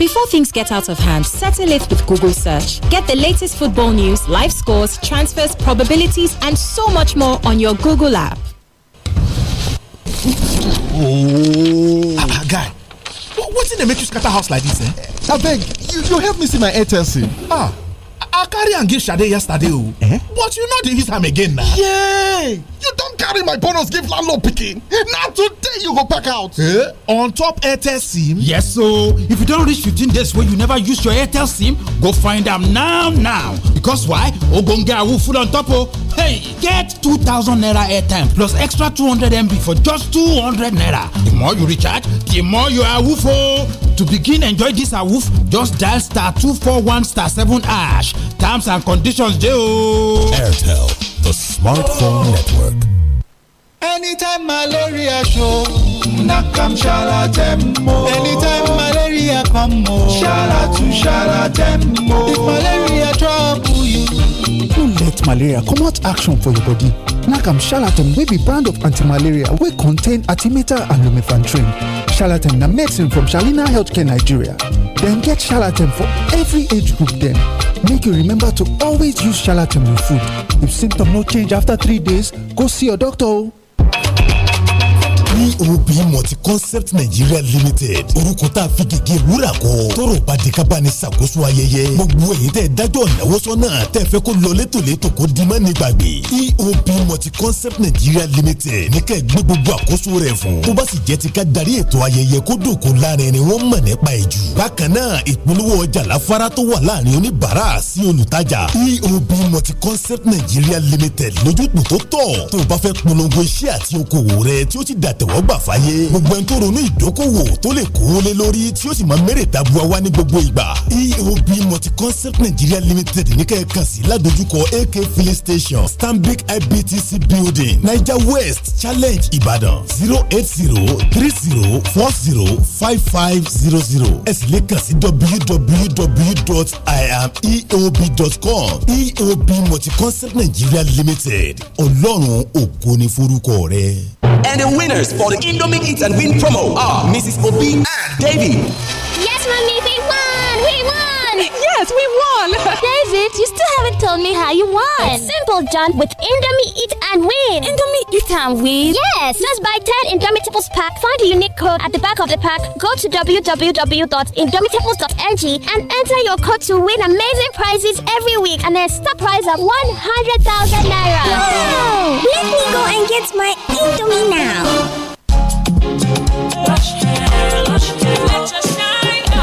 Before things get out of hand, settle it with Google Search. Get the latest football news, live scores, transfers, probabilities, and so much more on your Google app. Oh. Ah, ah guy, what's in the make scatter house like this? Eh? I beg, you, you help me see my ATC. Ah. i carry and give sade yesterday o oh. eh? but you no dey use him again na yay you don't carry my bonus gift landlord picking. Now today you go back out eh on top airtel sim yes o if you don't reach 15 days wey you never use your airtel sim go find am now now because why ogbonge awu full on top oh. hey get 2000 naira airtime plus extra 200mb for just 200 naira the more you recharge the more you awoof o to begin enjoy this awoof just dial star 241 star 7 ash Terms and conditions dey o. Airtel the smartphone oh. network. Anytime malaria show, knack am shalatemmo. Anytime malaria come, shalatu oh. shalatemmo. If malaria trouble. no let malaria comot action for your body nakam charlatan wey be brand of anti-malaria wey contain artimata and lumefantrine charlatan na medicine from shalina healthcare nigeria dem get charlatan for every age group dem make you remember to always use charlatan with food if symptoms no change after three days go see your doctor o eob multi-concept nigeria limited orúkọ tá a fi gègé wúrà kọ tọrọ bá di ká bá ní ṣàkóso ayẹyẹ gbogbo èyí tẹ́ dájọ́ ìnáwó sọ́nà tẹ́ fẹ́ kó lọ létòlétò kó di má ní gbàgbé eob multi-concept nigeria limited ní ká ẹ gbé gbogbo àkóso rẹ̀ fún tó bá sì jẹ́ ti ká darí ètò ayẹyẹ kó dòkó láàrin ni wọ́n mọ̀ nípa ẹ̀ jù bákan náà ìpolówó ọjà láfárá tó wà láàrin oníbàárà sí olùtajà eob multi-concept nigeria limited lójútùú tó tọ́ tó o bá fẹ́ polongo iṣẹ́ àti okòwò tàwọn gbà fáyé gbogbo ẹni tó ronú ìdókòwò tó lè kó lé lórí tí ó sì máa mẹ́rẹ̀ dábúwa wá ní gbogbo ìgbà eob multi-concept nigeria limited níkẹ́ kan sí ládojúkọ ak filling station stanbic ibtc building naija west challenge ìbàdàn zero eight zero three zero four zero five five zero zero ẹ sì lè kàn sí www.iameob.com eob multi-concept nigeria limited ọlọ́run ògo ni forúkọ rẹ. and the winners for the Indomie Eat and Win promo are ah, Mrs. Obi and Davy. Yes, mommy, we won! We won! Yes, we won! David, you still haven't told me how you won. It's simple, John, with Indomie Eat and Win. Indomie Eat and Win? Yes, just buy 10 Indomie Tipples pack, find the unique code at the back of the pack, go to www.indomitables.ng and enter your code to win amazing prizes every week and a stock prize of 100,000 Naira. Wow! Let me go and get my Indomie now.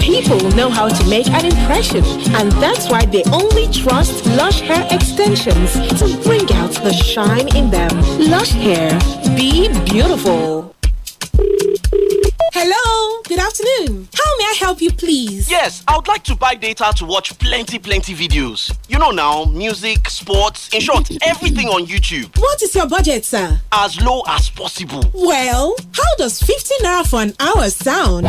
people know how to make an impression, and that's why they only trust Lush Hair Extensions to bring out the shine in them. Lush Hair, be beautiful. Hello, good afternoon. How may I help you, please? Yes, I would like to buy data to watch plenty, plenty videos. You know now, music, sports, in short, everything on YouTube. What is your budget, sir? As low as possible. Well, how does 50 naira for an hour sound?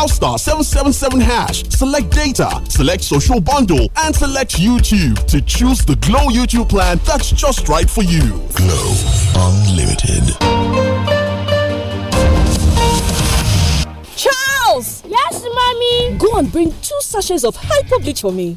dial star 777 hash, select data, select social bundle, and select YouTube to choose the Glow YouTube plan that's just right for you. Glow Unlimited. Charles! Yes, mommy? Go and bring two sachets of hyper bleach for me.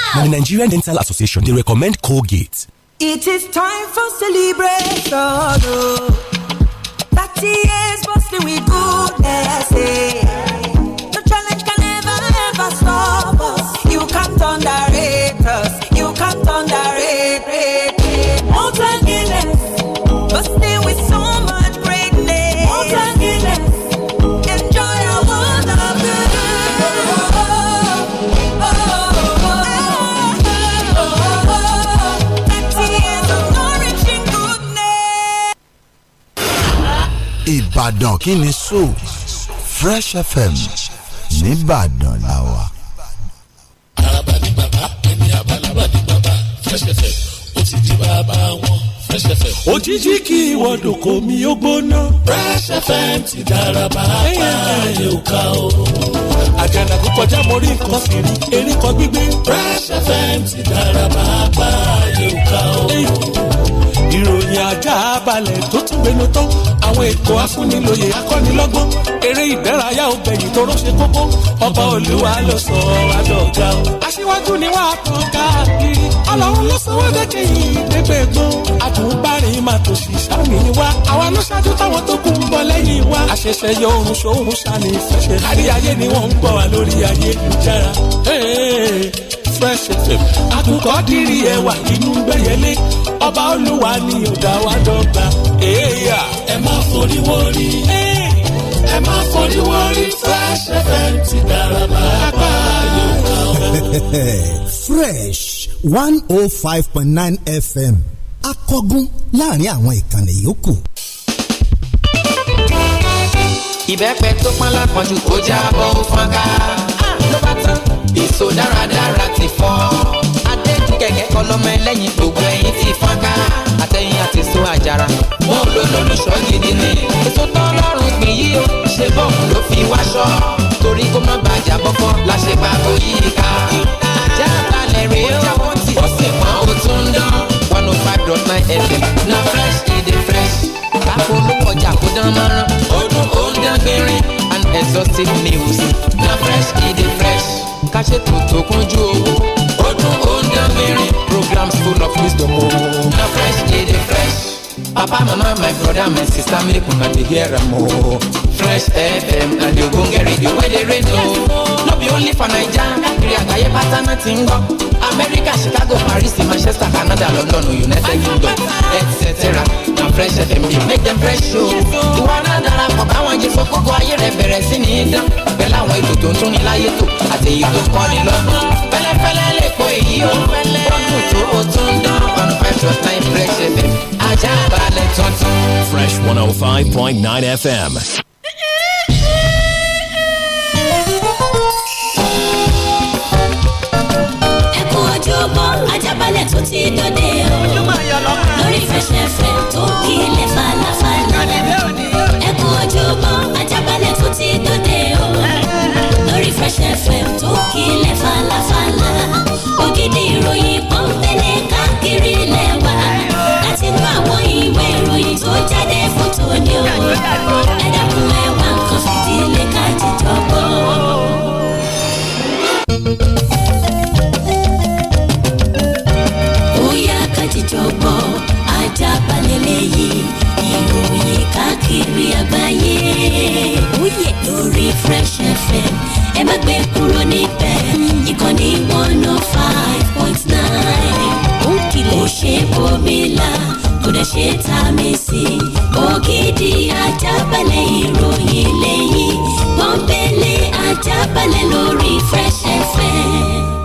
Now, the Nigerian Dental Association, they recommend Colgate. It is time for celebration. 30 years bustling with goodness. Eh? Ìbàdàn kí ni so Fresh FM nìbàdàn la wà. àràbà ni bàbá ẹni àbálàbà ni bàbá Fresh FM ó ti di bàbá wọn Fresh FM. òjijì kí ìwọ́dọ̀ kò mí ó gbóná. Fresh FM ti dára pàápàá yẹ ò ká o. àjànà kó kọjá mo rí nǹkan fìrí erékọ gbígbé. Fresh FM ti dára pàápàá yẹ ò ká o balẹ̀ tó tún gbénu tán àwọn ètò afúnilòyè akọ́nilọ́gbọ́n eré ìdárayá obìnrin tó rọ́ṣẹ́ kókó ọba olúwa ló sọ adọ́gà o. aṣíwájú ni wàá tàn káàkiri ọlọ́run ló sọ wọ́n dẹ́kẹ́ yìí débẹ̀ gbọ́n àtúbárìn máa tò sí sáàmì wa àwa ló ṣáájú táwọn tó kù ń bọ̀ lẹ́yìn wa. àṣẹ̀ṣẹ̀ yọ oorun ṣòun ṣàní ìfẹsẹ̀ kárí ni wọ́n ń gbọ́ wa lórí ayélujára fresh fm àkùkọ dìrì ẹwà inú gbẹ̀yẹlé ọba olúwa ni ọ̀dà wa dọ́gba. ẹ má forí wọrí ẹ má forí wọrí fresh fm ti dára pàápàá yóò fresh one oh five point nine fm akọgun láàrin àwọn ìkànnì yòókù ìbẹ́pẹ tó pọ́n lápọ̀jù kò já bọ́ ló bá tán ìso dáradára ti fọ́ adéjú kẹ̀kẹ́ kọlọ́mọ ẹlẹ́yin gbogbo ẹ̀yin ti fọ́n ká àtẹ̀yìn àti so àjàrà mo lò lólùṣọ́ gidi ni èso tọ́lọ́run gbìn yí o ṣe bọ́ọ̀mù ló fi wáṣọ torí kó má bàjá bọ́kọ́ la ṣe pa kó yí i ká ajá balẹ̀ rèé o ó sì pọ́n o ń dán one oh five dot nine fm na fresh e dey fresh káfó olówó ọjà kó dán mọ́rán ó dún ó ń dán gbinrin and exhaustive news na fresh e dey fresh ká ṣètò tó kúnjú owó. ó dún oúnjẹ mìíràn. programs full of wisdom o. Oh. na fresh dey dey fresh. papa mama my brother my sister make una dey hear am o. Oh. fresh fm na di ogbonge radio wey dey reign o. Oh. no be only for naija káàkiri àgbáyé pátá náà ti ń gbọ́. America, Chicago, Paris, Manchester, Canada, London, United Kingdom, etc. fresh make oh. fresh tó Fresh one oh five point nine FM. tún ti dòde o lórí Fresh tó kílẹ̀ falafala ẹ kú ojúmọ́ Ajaabale ti dòde o lórí Fresh FM tó kílẹ̀ falafala ògidì ìròyìn pọ́npẹ́lẹ́ káàkiri lẹ́wà láti inú àwọn ìwé ìròyìn tó jáde fún tòní o ẹ dákun ẹ nǹkan fìdílé ká jíjẹ. yẹ. lórí Fresh FM ẹ má gbé kúrò níbẹ̀ ìkànnì one oh five point nine. ó kìlọ̀ ó ṣe bomi la kò dẹ̀ ṣe tá a mi sí. ògidì ajábalẹ̀ ìròyìn lẹ́yìn pọ́npẹ́lẹ́ ajábalẹ̀ lórí Fresh FM.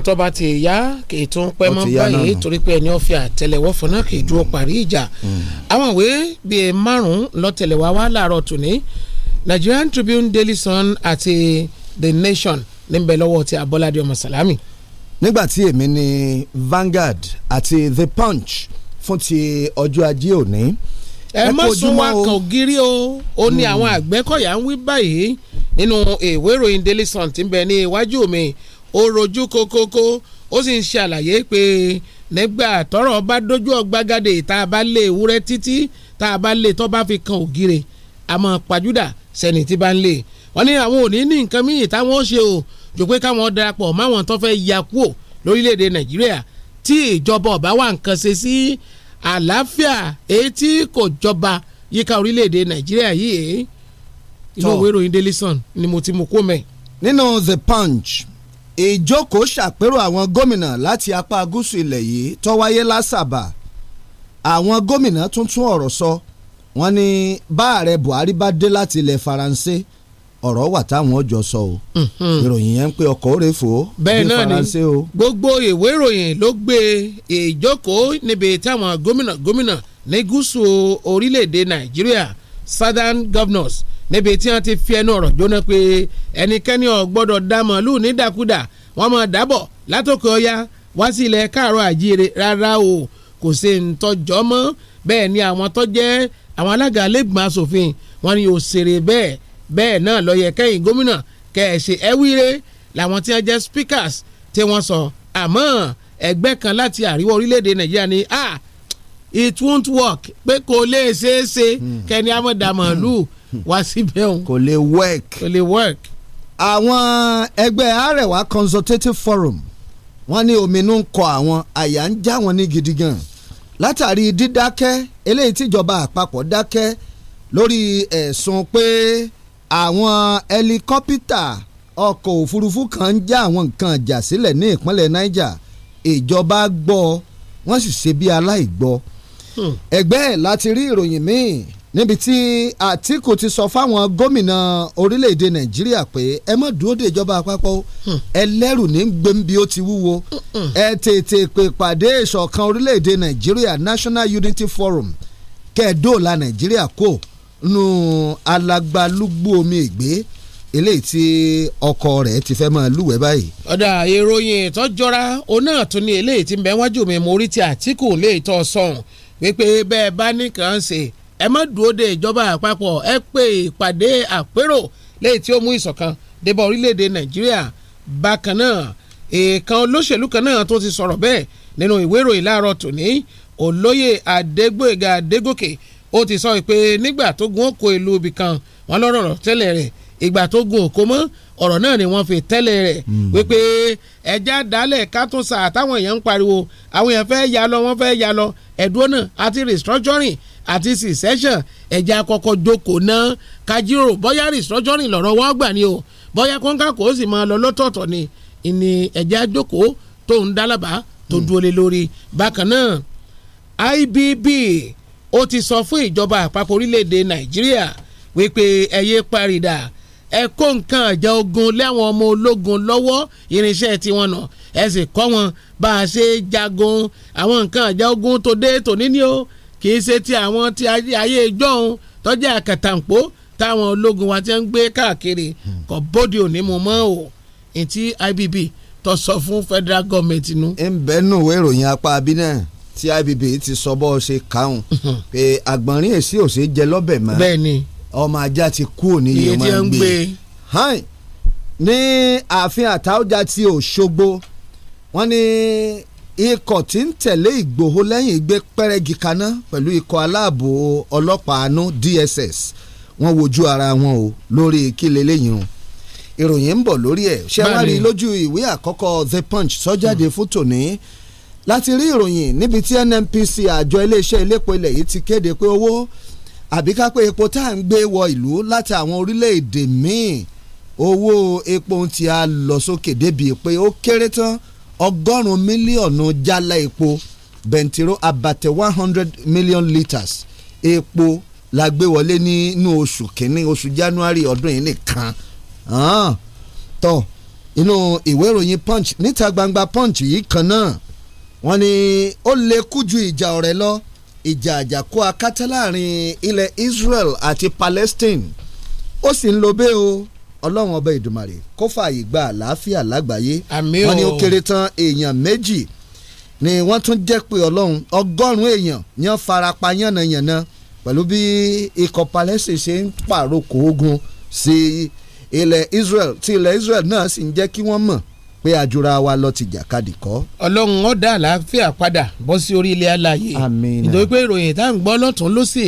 tó bá ti yá ètò ń pẹ́ mọ́ báyìí torí pé ẹni ọ̀fẹ́ àtẹlẹwọ́ fún náà kì í dúró parí ìjà mm. àwọn ìwé bíi márùn lọ́tẹ̀lẹ̀ wá wá láàárọ̀ tòní Nigerian Tribune Daily Sun àti The Nation níbẹ̀ lọ́wọ́ ti Abọ́ládé ọmọ Sàlámì. nígbà tí èmi ni Vanguard àti The Punch fún ti ọjọ́ ajé òní. ẹ má sún wa kàn gírí o ó ní mm. àwọn Àgbẹ̀kọ̀yà ń wí báyìí nínú ìwé ìròyìn Daily Sun ti bẹ ní iwájú mi ó rojú kókókó ó sì ń ṣàlàyé pé nígbà tọ́rọ̀ bá dójú ọgbàgàdé tá a bá lé ewúrẹ́ títí tá a bá lé e tó bá fi kan ògiri àmọ́ pàjúdà sẹ́ni tí bá ń lé e. wọ́n ní àwọn òní ní nǹkan míì táwọn ó ṣe o jò pé káwọn darapọ̀ máwọn tó fẹ́ ya kúò lórílẹ̀‐èdè nàìjíríà tí ìjọba ọ̀bá wà nǹkan ṣe sí àlàáfíà etí kò jọba yíká orílẹ̀‐èdè nàìjíríà yìí inú ìwé ìròyìn daily sun ni mo ti mú kó mẹ́. nínú the punch ìjókòó ṣàpérò àwọn gómìnà láti apá gúúsù ilẹ̀ yìí tó wáyé lásàbà àwọn gómìnà tuntun ọ̀rọ̀ sọ wọ́n ní báàrẹ Buhari bá dé láti ilẹ̀ Faransé ọ̀rọ̀ wà táwọn ọjọ́ sọ o mhm. ìròyìn yẹn ń pé ọkọ̀ òrè fò ó bẹ́ẹ̀ náà ni gbogbo ìwé ìròyìn ló gbé ìjókòó níbi táwọn gómìnà gómìnà ní gúúsù orílẹ̀-èdè Nàìjíríà Southern Governors níbi tí wọ́n ti fi ẹnu ọ̀rọ̀ jóná pé ẹnikẹ́ni ò gbọ́dọ̀ dá màálù nídàkúdà wọ́n máa dábọ̀ látòkè ọya wá sí ilẹ̀ káàrọ̀ àjíire rárá o kò sí ntọ́jọ́ mọ́ bẹ́ẹ̀ ni àwọn tó jẹ́ àwọn alága lẹ́gbọ̀n asòfin wọn ni òṣèré bẹ́ẹ̀ bẹ́ẹ̀ náà ló kẹ́yìn gómìnà kẹ̀ẹ̀ṣẹ̀ ẹ̀wíire làwọn tí wọ́n jẹ́ speakers tí wọ́n sọ àmọ́ ẹgbẹ́ kan láti àríwá orílẹ̀-èdè nàìjíríà ni ah it won't work pé kò lè ṣeé ṣe hmm. kẹ́ni amọ̀dàmọ̀lù. Mm. wá síbẹ̀ òun. kò lè work. kò lè work. àwọn ẹgbẹ́ Arewa consultative forum wọ́n ní ominú ń kọ àwọn àyà ń já wọn ní gidi gan látàrí dídákẹ́ eléyìí tíjọba àpapọ̀ dákẹ́ lórí ẹ̀sùn pé àwọn ẹlikọ́pítà ọkọ̀ òfurufú kan ń já àwọn nǹkan ìjà sílẹ̀ ní ìpínlẹ̀ Niger ìjọba gbọ́ wọ́n sì ṣe bí aláìgbọ́ hmm. ẹgbẹ́ láti rí ìròyìn míì níbi tí Àtíkù ti sọ fáwọn gómìnà orílẹ̀-èdè Nàìjíríà pé ẹ má dúró de ìjọba àpapọ̀ hmm. ẹlẹ́rù ní gbẹ̀mbí ó ti wúwo hmm, hmm. ẹ tètè pè pàdé ìṣọ̀kan orílẹ̀-èdè Nàìjíríà National Unity Forum kẹ́ẹ̀dóòlà Nàìjíríà kò nu alagbalúgbú omi ìgbé eléyìí tí ọkọ rẹ̀ ti fẹ́ máa lúwẹ̀ báyìí. ọ̀dà ìròyìn ìtọ́jọ́ra òun náà tún ní eléyìí tí ń wájú mi mo rí ti Àtíkù lè sọ̀hún wípé bẹ́ẹ̀ bá nìkan ṣe ẹ má dúró de ìjọba àpapọ̀ ẹ pé ìpàdé àpérò lẹ́yìn tí ó mú ìṣọ̀kan débọ̀ orílẹ̀-èdè nàìjíríà bákan náà èèkan olóṣèlú kan náà tó ti sọ̀rọ̀ bẹ́ẹ̀ nínú ìwé ìròyìn láàárọ̀ tòní olóyè adégbòyèga adégòkè ó ti sọ pé nígbà tó gun òkò ìlú ibì kan wọn lọ́rọ̀ tẹ́lẹ̀ rẹ̀ ìgbà tó gun òkò mọ́ ọ̀rọ̀ náà ni wọ́n fi tẹ́lẹ̀ rẹ̀ hmm. wípé ẹja dálẹ̀ kátúnṣà táwọn èèyàn ń pariwo àwọn èèyàn fẹ́ ya lọ wọ́n fẹ́ ya lọ ẹ̀dúró náà àti restructuring àti secession ẹ̀jẹ̀ àkọ́kọ́ jókòó náà kájíròrò bóyá restructuring lọ́rọ̀ wọ́n gbà ni o bóyá kọ́ńkà kò sì máa lọ lọ́tọ̀ọ̀tọ̀ ni ìní ẹ̀jẹ̀ àjókòó tó ń dálábàá tó dúró lórí bákan náà IBB ó ti sọ fún ìjọba àpapọ̀ orílẹ̀-èdè Nàìjíríà wípé ẹ̀yẹ parida ẹ kó nǹkan ìjà ogun lẹ́wọ̀n ọmọ ológun lọ́wọ́ irinṣẹ́ tiwọn náà ẹ sì kọ́ wọn bá a ṣe jagun àwọn nǹkan ìjà ogun tó dé tòní ni ó kì í ṣe ti àwọn ti ayé ìjọ́un tọ́jú àkàtàǹpó táwọn ológun wa ti ń gbé káàkiri hmm. kò bóde òní mu mọ́ o ètí IBB tó sọ fún federal government nu. ń bẹ́ẹ̀ nù wé ìròyìn apá abí náà tí IBB ti sọ bọ́ ṣe káwọn hmm. pé àgbọ̀nrín èsì òsè jẹ lọ́bẹ̀ mọ́ ọmọ ajá ti kú òní yìí máa ń gbé ní ààfin àtàwọ̀já ti Òṣogbo wọ́n ní ikọ̀ tí ń tẹ̀lé Ìgbòho lẹ́yìn gbé pẹ́rẹ́gì kaná pẹ̀lú ikọ̀ aláàbò ọlọ́pàá àánú DSS wọ́n wojú ara wọn o lórí kílẹ̀ lẹ́yìn o ìròyìn ń bọ̀ lórí ẹ̀ ṣé wàá rí lójú ìwé àkọ́kọ́ The Punch sọ́jáde hmm. fún tòní láti rí ìròyìn níbi tí NNPC àjọ iléeṣẹ́ iléepo ilẹ̀ yìí ti kéde pé owó àbí ká pé epo tá à ń gbé wọ ìlú láti àwọn orílẹ̀-èdè míì owó epo ti a lọ sókè débi pé ó kéré tán ọgọ́rùn-ún mílíọ̀nù jálá epo bẹntiró abatẹ one hundred million litres epo la gbé wọlé nínú oṣù kínní oṣù january ọdún yìí nìkan tó inú ìwé ìròyìn punch níta gbangba punch yìí kan náà wọ́n ní ó lè kú ju ìjà ọ̀rẹ́ lọ ìjà àjàkú akátá láàrin ilẹ̀ Israel àti Palestine ó sì ń lo bẹ́ẹ̀ o. Si ọlọ́run ọba ìdùmarè kó fààyè gba àlàáfíà lágbàáyé wọ́n ní ó kéré tán èèyàn méjì ni wọ́n tún jẹ́ pé ọlọ́run ọgọ́rùn-ún èèyàn yẹn farapa yànnàyànnà pẹ̀lú bí ikọ̀ palẹ́sì ṣe ń pàrokò ogun sí ilẹ̀ Israel tí ilẹ̀ Israel náà sì ń jẹ́ kí wọ́n mọ̀ pé àjùra wa lọ ti jàkadì kọ́. ọlọ́run ó dá àlàáfíà padà bọ́ sí orí ilẹ̀ alààyè nítorí pé ìròyìn tá gbọ́ lọ́tún lọ́sì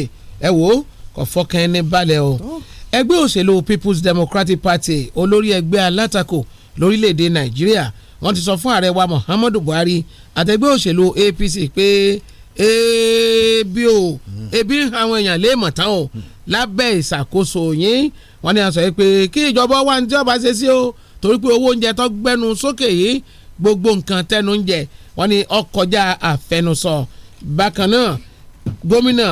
ẹ̀ wò kò fọkàn ẹni balẹ̀ o. Oh ẹgbẹ́ òṣèlú People's Democratic Party olórí ẹgbẹ́ alátakò lórílẹ̀‐èdè Nàìjíríà wọ́n ti sọ fún ààrẹ wa Muhammadu Buhari àtẹgbẹ́ òṣèlú APC pé ebi o ebi àwọn èèyàn lè mọ̀ tán o lábẹ́ ìṣàkóso yín wọ́n ní a sọ yìí pé kí ìjọba wa ní tí ṣe sí o torí pé owó oúnjẹ tó gbẹ́nu sókè yìí gbogbo nǹkan tẹnu ń jẹ wọ́n ní ọkọjá àfẹnusọ bákan náà gómìnà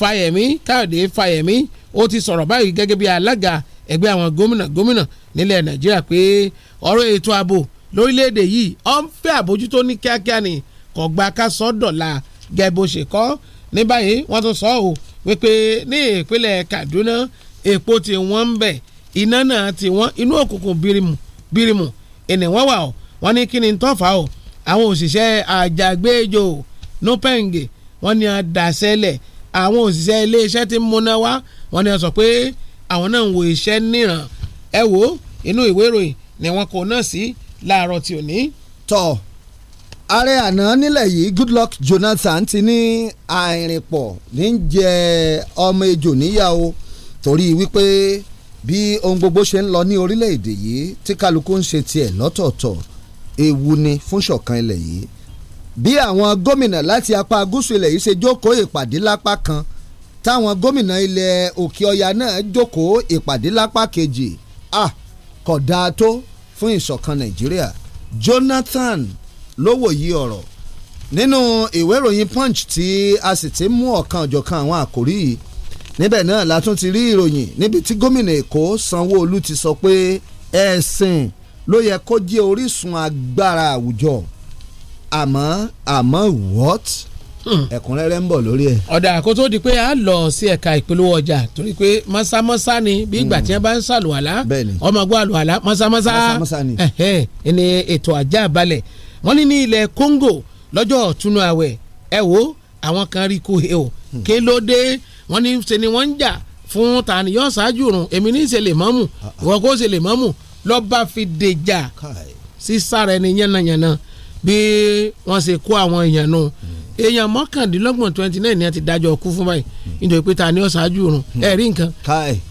Fáyẹ̀mí Káyọ̀dé Fáyẹ̀mí ó ti sọ̀rọ̀ báyìí gẹ́gẹ́ bí alága ẹgbẹ́ àwọn gómìnà gómìnà nílẹ̀ nàìjíríà pé ọ̀rọ̀ ètò ààbò lórílẹ̀‐èdè yìí ó ń fẹ́ àbójútó ní kíákíá ni kò gba ká sọ dọ̀la gẹ́gẹ́ bó ṣe kọ́ ní báyìí wọ́n tún sọ ọ́ wípé ní ìpínlẹ̀ Kaduna epo tí wọ́n ń bẹ̀ iná náà tí wọ́n inú òkùnkùn birimu birimu ẹni wọ́n wà ọ́ wọ́n ní kí ni tó fà ọ́ àwọn òṣìṣẹ́ àjàgbéjò nupeng wọ́n ní àdàsẹ́lẹ̀ àwọn òṣìṣẹ́ iléeṣẹ́ tí múná wá wọ́n ní wọ́n sọ pé àwọn náà ń wo iṣẹ́ níran ẹ wo inú ìwé ìròyìn ni wọ́n kò náà sí láàárọ̀ tí ò ní. tọ ààrẹ àná nílẹ̀ yìí Goodluck Jonathan ti ní àìrìnpọ̀ ní jẹ ọmọ ejò níyà o torí wípé bí ohun gbogbo ṣe ń lọ ní orílẹ̀-èdè yìí tí kálukú ń ṣe tiẹ̀ lọ́tọ̀ọ̀tọ̀ ewu ni fún ṣọ̀kan ilẹ̀ yìí bí àwọn gómìnà láti apá gúúsù ilẹ̀ yìí ṣe jókòó ìpàdé lápá kan táwọn gómìnà ilẹ̀ òkè ọya náà jókòó ìpàdé lápá kejì ah kò dáa tó fún ìṣọ̀kan nàìjíríà Jonathan ló wòye ọ̀rọ̀ nínú ìwé ìròyìn Punch tí a sì ti mú ọ̀kan ọ̀jọ̀kan àwọn àkòrí yìí níbẹ̀ náà la tún ti rí ìròyìn níbi tí gómìnà èkó sanwó-olu ti sọ pé ẹ̀sìn ló yẹ kó jẹ́ orísun agbára àwùjọ àmọ́ àmọ́ what? ẹ̀kúnrẹ́rẹ́ ń bọ̀ lórí ẹ̀. ọ̀dà kó tó di pé a lọ sí ẹ̀ka ìpolówó ọjà torí pé mọ́sámọ́sá ni bí ìgbà tí hmm. wọ́n bá ń ṣàlùwàlá ọmọ ẹgbẹ́ àlùwàlá mọ́sámọ́sá ẹni ètò ajá balẹ̀ wọ́n ní ní ilẹ̀ Congo lọ́jọ́ ọ̀túnú àwẹ̀ ẹ wo àwọn kan rí kú he o hmm. ké ló dé wọ́n ní ṣe ni wọ́n ń jà fún tani yóò ṣáájú rùn èmi ní ìṣẹ̀lẹ̀ mọ́mù ah, ah. ìwọ kó ṣẹlẹ̀ mọ́mù lọ́ba fi dèjà sísára ẹni yánnayànna bí wọ́n ṣe kó àwọn èèyàn nù. Hmm èèyàn mọ́kàndínlọ́gbọ̀n twenty nine ni a ti dájọ́ ọkú fún báyìí hmm. nítorí pé ta ni ó ṣáájú òrùn hmm. ẹ̀rí nǹkan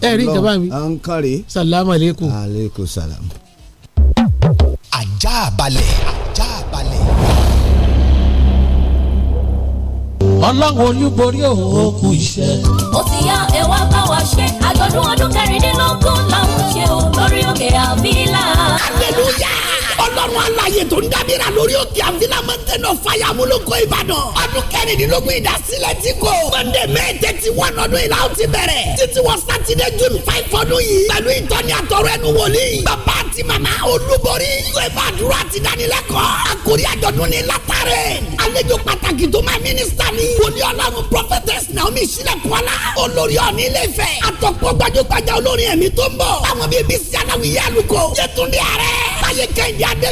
ẹ̀rí nǹkan báyìí. ọ̀nkàrè salamu aleykum. aleykum salam. ajá balẹ̀ ajá balẹ̀. ọlọ́run olúborí òun ó kú iṣẹ́. ó ti yá ẹ wá bá wa ṣe àjọ̀dún ọdún kẹrìndínlógún làwọn ṣe ò lórí òkè àbílà. hallelujah ọlọ́run alaye tó ń dábìrà lórí òkè àfilámọ́tẹ́nà fàyàmúlòkọ ìbàdàn ọdún kẹrìndínlógún ìdásílẹ̀ ti kò mọ̀ndé mẹ́ẹ̀tẹ́ ti wọ́n ọdún ìlà ó ti bẹ̀rẹ̀ títí wọ sátidé june five ọdún yìí pẹ̀lú ìtọ́ni àtọ̀rọ̀ ẹnu wòlíì bàbá àti màmá olúborí ìwé àdúrà àti ìdánilẹ́kọ̀ọ́ àkórí àjọ̀dún ni látàrẹ̀ àlejò pàtàkì tó máa mínísítà ni wòlíì ọlọ́run prophetess naomi sílẹ̀kùnọ́lá olórí ọ̀ní ilé-ifẹ̀ àtọ̀pọ̀ gbajúgbajà olórin ẹ̀mí tó ń bọ̀ àwọn bíi bíi sí aláwìyé àlùkò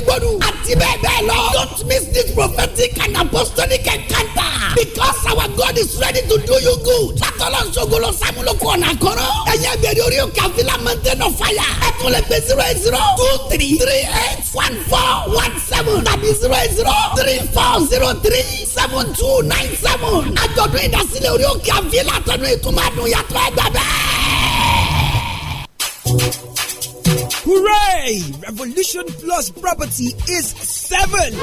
gbẹgbẹgbẹdu àti bẹ́ẹ̀ bẹ́ẹ̀ lọ. don't miss this prophetic and apostolic encounter because our God is ready to do you good. látọ̀lọ̀ nsogolo samuloko ọ̀nà kọ́rọ́. ẹ̀yẹ́ gbèrè orí o kàfi la mountain of fire. ẹ tún lè pe zero eight zero two three three eight one four one seven tàbí zero eight zero three four zero three seven two nine seven. àjọ̀dún ìdásílẹ̀ orí o kàfi látọ̀nù ìtumọ̀ àdùn yàtọ̀ ẹgbẹ́ bẹ́ẹ̀. Hooray! Revolution Plus property is seven.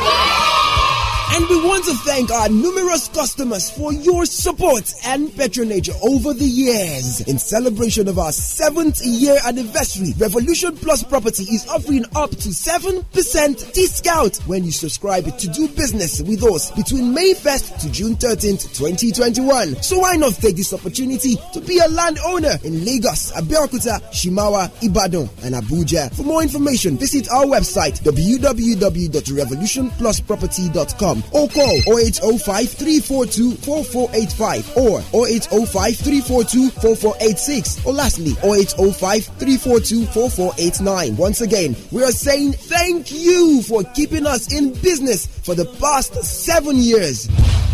And we want to thank our numerous customers for your support and patronage over the years. In celebration of our seventh year anniversary, Revolution Plus Property is offering up to 7% discount when you subscribe to do business with us between May 1st to June 13th, 2021. So why not take this opportunity to be a landowner in Lagos, Abeokuta, Shimawa, Ibadan, and Abuja? For more information, visit our website www.revolutionplusproperty.com or call 0805 342 4485 or 0805 342 4486 or lastly 0805 342 4489. Once again, we are saying thank you for keeping us in business for the past seven years.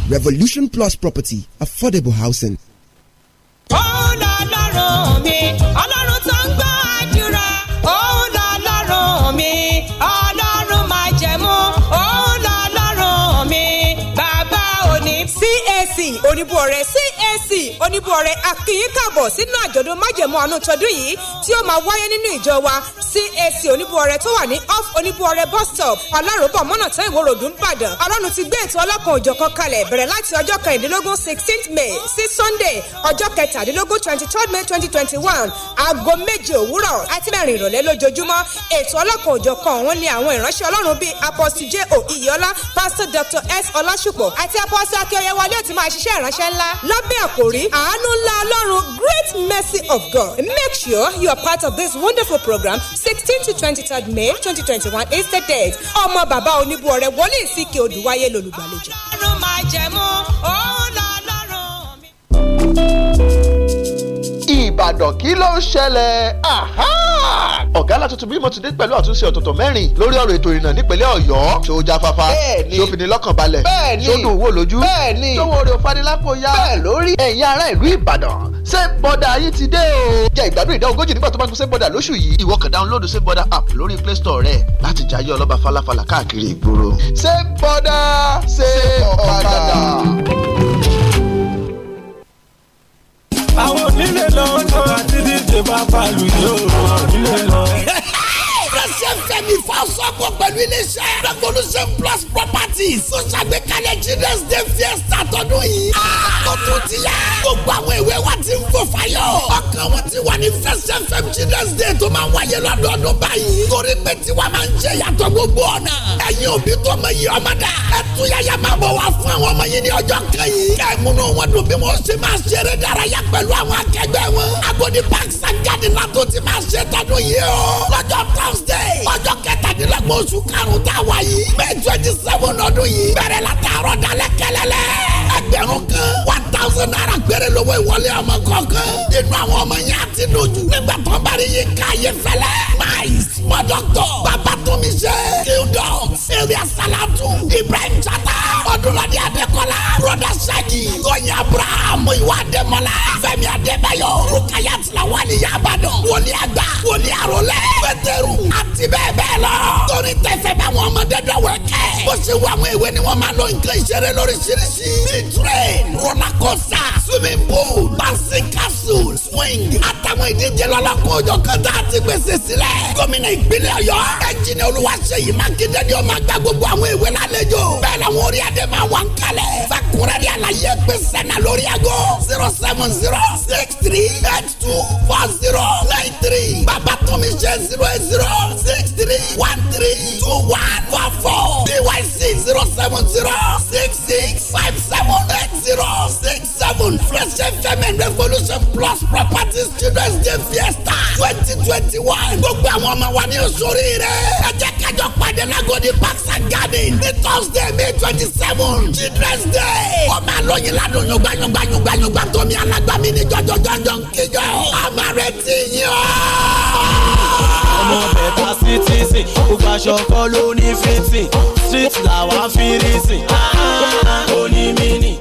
Revolution Plus Property, affordable housing. Olúbọ̀rẹ̀ akínyìn káàbọ̀ sínú àjọ̀dún májẹ̀mú àánú tọdún yìí tí ó máa wáyé nínú ìjọ wa CAC Olúbọ̀rẹ̀ tó wà ní off Olúbọ̀rẹ̀ bus stop aláròbọ̀ mọ́nàtán ìwòròdú Ìbàdàn Ọlọ́run ti gbé ètò ọlọ́kan òjọ̀kan kalẹ̀ bẹ̀rẹ̀ láti ọjọ́ kẹrìndínlógún sixteenth May sí Sunday ọjọ́ kẹtàdínlógún twenty third May twenty twenty one aago méje òwúrọ̀ àti mẹ́rin ìrọ̀lẹ́ lójoojúmọ́ ètò ọlọ́kan òjọ̀kan ọ̀hún ni àwọn ìránṣẹ́ Ọlọ́run bíi Apostle J O Pastor Dr S Ọlásùpọ̀ àti Apostle Akínyẹwọlé ti máa ṣiṣẹ́ ìránṣẹ́ ńlá lábẹ́ àkòrí àá àánú ńlá ọlọ́run great mercy of God make sure you are part of this wonderful program sixteen to twenty third May twenty twenty one is the date ọmọ bàbá oníbu ọ̀rẹ́ wọlé ìsìnkè odùwáyé lolùgbàlejò. ọlọ́run máa jẹ mọ́ òun mi ìbàdàn kí ló ń ṣẹlẹ̀ ọ̀gá látúntún bímọ ti dé pẹ̀lú àtúnṣe ọ̀tọ̀tọ̀ mẹ́rin lórí ọ̀rọ̀ ètò ìrìnnà nípínlẹ̀ ọ̀yọ́ ṣé ó jáfáfá ṣé ó fi ní lọ́kàn balẹ̀ ṣé ó dùn wò lójú ṣé owó orí òfanilápò ya bẹ́ẹ̀ lórí ẹ̀yin ará ìlú ìbàdàn ṣé bọ́dà yìí ti dé o. jẹ́ ìgbádùn ìdá ogójì nígbà tó bá ń gun ṣé bọ́dà lóṣù yìí ìwọ kàn dáńlódù ṣé bọ́dà app lórí play store rẹ láti jayé ọlọ́ba falafala káàkiri ìgboro. ṣé bọ́dà ṣé ọ̀kadà. àwọn onílé lọ ọjọ́ àti díje bá balùwẹ̀ yóò onílé lọ fẹ́mi fọ́sọ́gbọ̀ pẹ̀lú iléeṣẹ́ revolution plus properties tó ṣàgbékalẹ̀ children's day fiesta tọdún yìí. ó tún ti yá. gbogbo àwọn ìwé wa ti ń fò fáyọ̀. ọkàn wọn ti wà ní first fm children's day tó máa ń wáyé lọ́dọọdún báyìí. torí pé tiwa máa ń jẹ yàtọ̀ gbogbo ọ̀nà. ẹ̀yin òbí tó mọ iye ọmọ dà. ẹ yàyà máa bọ̀ wá fún àwọn ọmọ yìí ní ọjọ́ kan yìí. ẹ múnú wọn dùn bí wọn ṣe máa ṣeré dárayá pẹ̀lú àwọn akẹgbẹ́ wọn. Agodi parks and garden ti máa ṣe tọdún yìí ọjọ́ kẹtàdínlọ́gbọ̀n oṣù karùn-ún tá a wà yìí may twenty seven ọdún yìí bẹ̀rẹ̀ la tààrọ̀ dalẹ̀ kẹlẹ́lẹ́ ẹgbẹ̀rún kan one thousand naira gbére lọ́wọ́ ìwọlé ọmọ kọ̀ọ̀kan nínú àwọn ọmọ yẹn àti dojú nígbà tó ń bá rí yín ká yé fẹ́lẹ́ máa yìí mọ dọ́kítọ̀ babatunmise kildom area salatu ibrahim chata ọdúnlọ́dẹ adékọ́lá broda sagi gọ̀nyẹ abraham ìwà adémọ́lá fẹ́mi adébáyọ̀ rukaya tilawani yabadan wòlíì àgbà wòlíì àrólẹ̀ pétérù àti bẹ́ẹ̀ bẹ́ẹ̀ lọ. torí tẹ̀fẹ̀ bá wọn ọmọdé dọ̀wẹ́ kẹ́. bó ṣe wà àwọn ìwé ni wọ́n máa lọ nǹkan ìṣeré lóríṣiríṣi. bíi train roller coaster swimming pool bouncing castle swing àtàwọn ìdíje lọ́lọ́kọ̀ òjò kan tá a ti pèsè sílẹ̀. gómìnà ìpínlẹ̀ ọ̀yọ́ ẹnjìnì olúwaṣeyì mákindé ni ó máa gba gbogbo àwọn ìwé lálejò bẹ́ẹ̀ làwọn orí adé máa wà ń kalẹ̀ fakurẹ́rì àlàyé pé sẹ́nà lórí ago zero seven zero six three eight two four zero nine three bàbá tómi ṣe zero eight zero six three one three two one four four byc zero seven zero six six five seven eight zero six seven fresh fm and revolution plus properties children's day fiesta twenty twenty one gbogbo àwọn ọmọ wa ní ìsúrí rẹ̀. ẹ jẹ́ kájọ pàdé lágòdì parks and garden ní thursday may twenty seven children's day. ó máa lóyin ládùn yọgbà yọgbà yọgbà yọgbà tómi alágbàmí ní jọjọjọjọ kíjọ. àmàrẹ ti yàn. ọmọ bẹ̀ta citizen gbogbo aṣọ kọ́ ló ní fifteen street làwọn fi rí sìn. ó ní mí nì.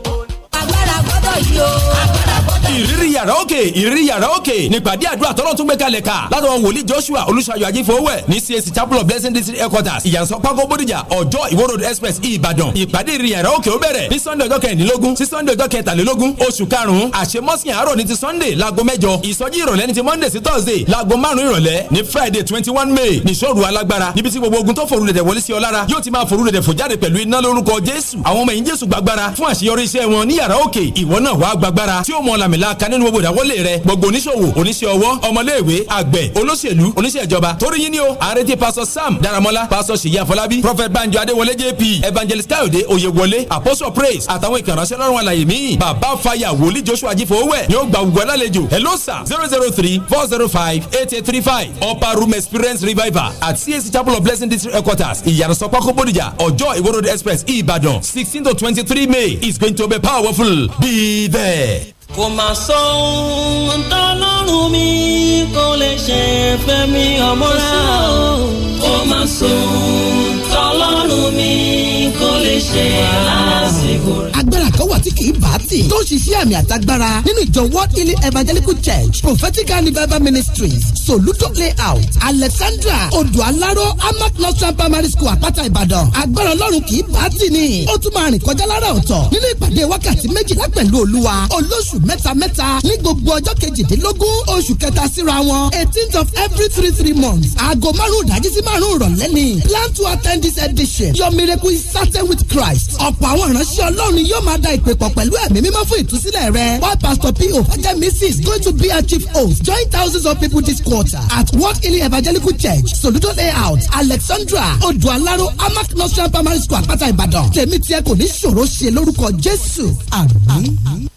agbára gbọ́dọ̀ yí o. agbára ìrírí yàrá òkè ìrírí yàrá òkè nípàdé àdúrà tọ́lọ́ tún gbé kalẹ̀ ká látọ̀wọ̀n wòlíì Joshua Olúṣayọ̀ ajífowówẹ̀ ní CAC chapel of blessing district headquarters ìyànsọ́ pákó bódìjà ọjọ́ ìwó road express Ìbàdàn ìpàdé ìrírí yàrá òkè ó bẹ̀rẹ̀ ní Sunday ọjọ́ kẹrìndínlógún sí Sunday ọjọ́ kẹtàlélógún oṣù karùn-ún àṣemọ́sìn àárọ̀ ní ti Sunday láago mẹ́jọ ìsọjí ìrọ̀lẹ́ ní ti Monday sí Thursday láago márùn-ún ìrọ̀lẹ́ ní Friday twenty one May níṣòro alágbára níbi tí gbogbo ogun tó forúlẹ̀dẹ̀ wọlé sí ọ lára yóò ti máa forúlẹ̀dẹ̀ fòjáde pẹ̀lú iná lórúkọ Jésù àwọn ọmọ ẹ̀yìn Jésù gbàgbára fún àṣeyọrí iṣẹ́ wọn ní yàrá òkè ìwọ náà wàá gbàgbára tí ó mọ làmìlàaka nínú gbogbo ìdáwọ́lé rẹ gbogbo oníṣòwò oníṣẹ́ ọwọ́ ọmọléèwé àgbẹ̀ olóṣèlú oníṣẹ́ ìjọba torí yín ni ó àrètí pásọ sam daramọlá pásọ ṣèyí àfọlábí prophet banjo adéwọlé jp evangelist káyọ̀dé oyèwọlé apostle praise àtàwọn ìkànnàṣẹ́ lọ́rùn àlàyé míì bàbá fàyà wòlí joshua jífowówẹ̀ yóò gba ògùn alálejò hello sir zero zero three four zero five eight eight three five upper room experience revival at cac chapel of blessing district headquarters ìyàrá-sọpákó bòdìjà ọjọ́ ìwó road express ìbàdàn sixteen to twenty-three may is going to be powerful be there kò mà sọ ohun tọ́lọ́run mi kò lè ṣe fẹ́mi ọmọ rẹ̀ o. kò mà sọ ohun tọ́lọ́run mi kò lè ṣe lásìkò rẹ̀. agbára kan wà tí Timothy Bati tó ń ṣiṣẹ́ àmì àtagbára nínú ìjọ World Healing Evangelical Church Prophetic and Revival Ministries Soludo Layout Alexandra Odualaro Amak Nursery Primary School Àpáta Ìbàdàn agbára ọlọ́run kì í bàtì ni ó tún máa rìn kọjá lára ọ̀tọ̀ nínú ìpàdé wákàtí méjìlá pẹ̀lú Olúwa olóṣù mẹ́ta mẹ́ta ní gbogbo ọjọ́ kejìdínlógún oṣù kẹta síra wọn eighteenth of every three three months aago márùn ìdájí sí márùn ìrọ̀lẹ́ ni plan to attend this edition your miracle is certain with Christ ọ̀pọ̀ àwọn ìránṣẹ́ ọlọ́run yóò máa da ìpè pọ̀ pẹ̀lú ẹ̀mí mímọ́ fún ìtúsílẹ̀ rẹ. Paul Pastor P.O. Fajemisi is going to be our chief host. Join thousands of people this quarter at World Healing Evangelical Church, Soludo Layout, Alexandra, Odualaro, Amak Nursery Primary School, Àpáta Ìbàdàn. Tèmi tiẹ̀ kò ní ṣòro ṣe lórúkọ Jésù. Àmín.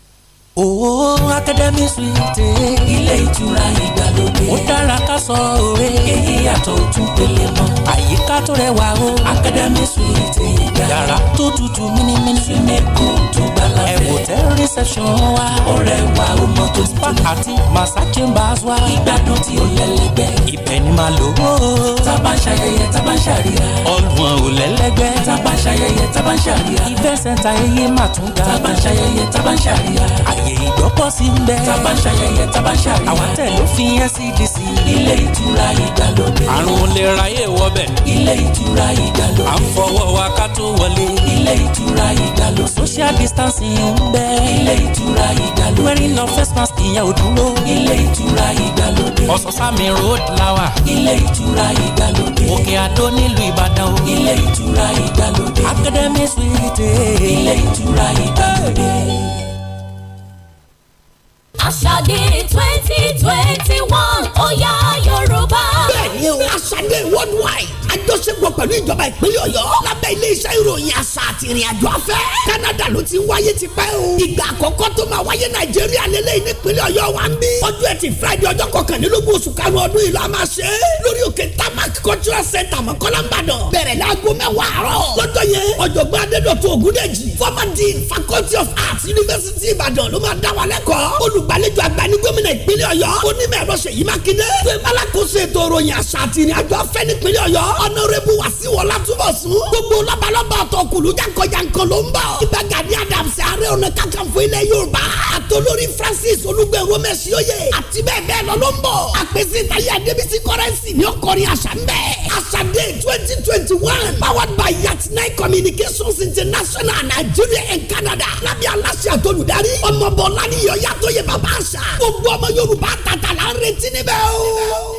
Oo oh, Akademi Suite. Ilé ìtura ìgbàlódé. Ó dára ká sọ òwe. Èyí yàtọ̀ ojú pele mọ́. Àyíká tó rẹwà o. Akademi Suite ìgbà. Yàrá tó tutù mímímí. Súnmẹ́kù tó gbàlá fẹ́. Ẹ̀wò tẹ́ rìsẹ̀pṣọ̀n wa. Ọ̀rẹ́ wa ó mọ tó tutù. Spa àti Massa Chambers wa. Ìgbádùn tí ó lẹ́lẹ́gbẹ́. Ibẹ̀ ni màá lò ó. Tábà ń ṣayẹyẹ, tábà ń ṣàríyá. Ọ̀gbun ò lẹ́lẹ́gbẹ́. Tábà ń ṣayẹyẹ, tábà ń ṣàríyá. Ìfẹsẹ̀ta ẹyẹ mà tún ga. Tábà ń ṣayẹyẹ, tábà ń ṣàríyá. Àyè ààyè ìgbọ́pọ̀ sí ń bẹ́. tábà ń ṣayẹyẹ tábà ń ṣàríyá. àwọn tẹ̀ ló fi NCDC. E ilé ìtura ìgbàlódé. àrùn lè ráyè wọbẹ̀. ilé ìtura ìgbàlódé. à ń fọwọ́ wa ká tó wọlé. ilé ìtura ìgbàlódé. social distancing ń bẹ. ilé ìtura ìgbàlódé. wearing no face mask ìyẹn ò dúró. ilé ìtura ìgbàlódé. ọ̀sán-sámi road lawa. ilé ìtura ìgbàlódé. òkè àdó nílùú ìbàdàn o. ilé ìtura ìgbàlódé. academy suite. ilé ìtura ìgbàlódé àṣàdé twenty twenty one ó yorùbá yẹn o. aṣadé worldwide àjọṣepọ̀ pẹ̀lú ìjọba ìpínlẹ̀ ọ̀yọ́ lábẹ́ iléeṣẹ́ ìròyìn àṣà àti ìrìnàjò afẹ́. Canada ló ti wáyé ti pẹ́ o. ìgbà àkọ́kọ́ tó máa wáyé nàìjíríà lélẹ́yìn nípínlẹ̀ ọ̀yọ́ wa ń bí. ọjọ́ ẹtì friday ọjọ́ kọkànlélógún oṣù karùn-ún ọdún yìí la máa ṣe é. lórí òkè tamak cultural center mọ̀kọ́lá ńbàdàn. bẹ̀rẹ̀ láago mẹ́wàá àárọ̀. lọ́jọ́ yẹn ọ̀jọ̀gbọ́n adédọ̀tun ògúndèjì former dean faculty of arts university ìbàdàn ló máa dá wa lẹ́kọ̀ọ́. olùgbàlejò àgbà ní gómìnà ìpínlẹ̀ ọ̀yọ́ onímọ̀ ẹ̀rọ ṣèyí mákindé. tó àṣà àti ìrìn àjò afẹ́ nípínlẹ̀ ọ̀yọ́ ọ̀nàrẹ́bù wàsíù ọlátúbọ̀sún gbogbo lọ́balọ́ba ọ̀tọ̀kùlú jankanjankan ló ń bọ̀ ibà gani adams ààrẹ ọ̀nà kakanfò ilẹ̀ yorùbá àtolórí francis olùgbé romẹsì oyè àti bẹ́ẹ̀ bẹ́ẹ̀ lọ ló ń bọ̀ àpèsè ìtàyà débìtì kọ́rẹ́nsì ní ọkọrin àṣà ń bẹ̀ àṣà dé twenty twenty one powered by yatinai communications international nigeria and canada lábẹ́ aláṣẹ àtolùdarí ọmọbọ̀ọ́lá ni yọ̀ọ́yà tó yẹ bàbá àṣà gbogbo ọmọ yorùbá tàtàlà ń retí níbẹ̀ o.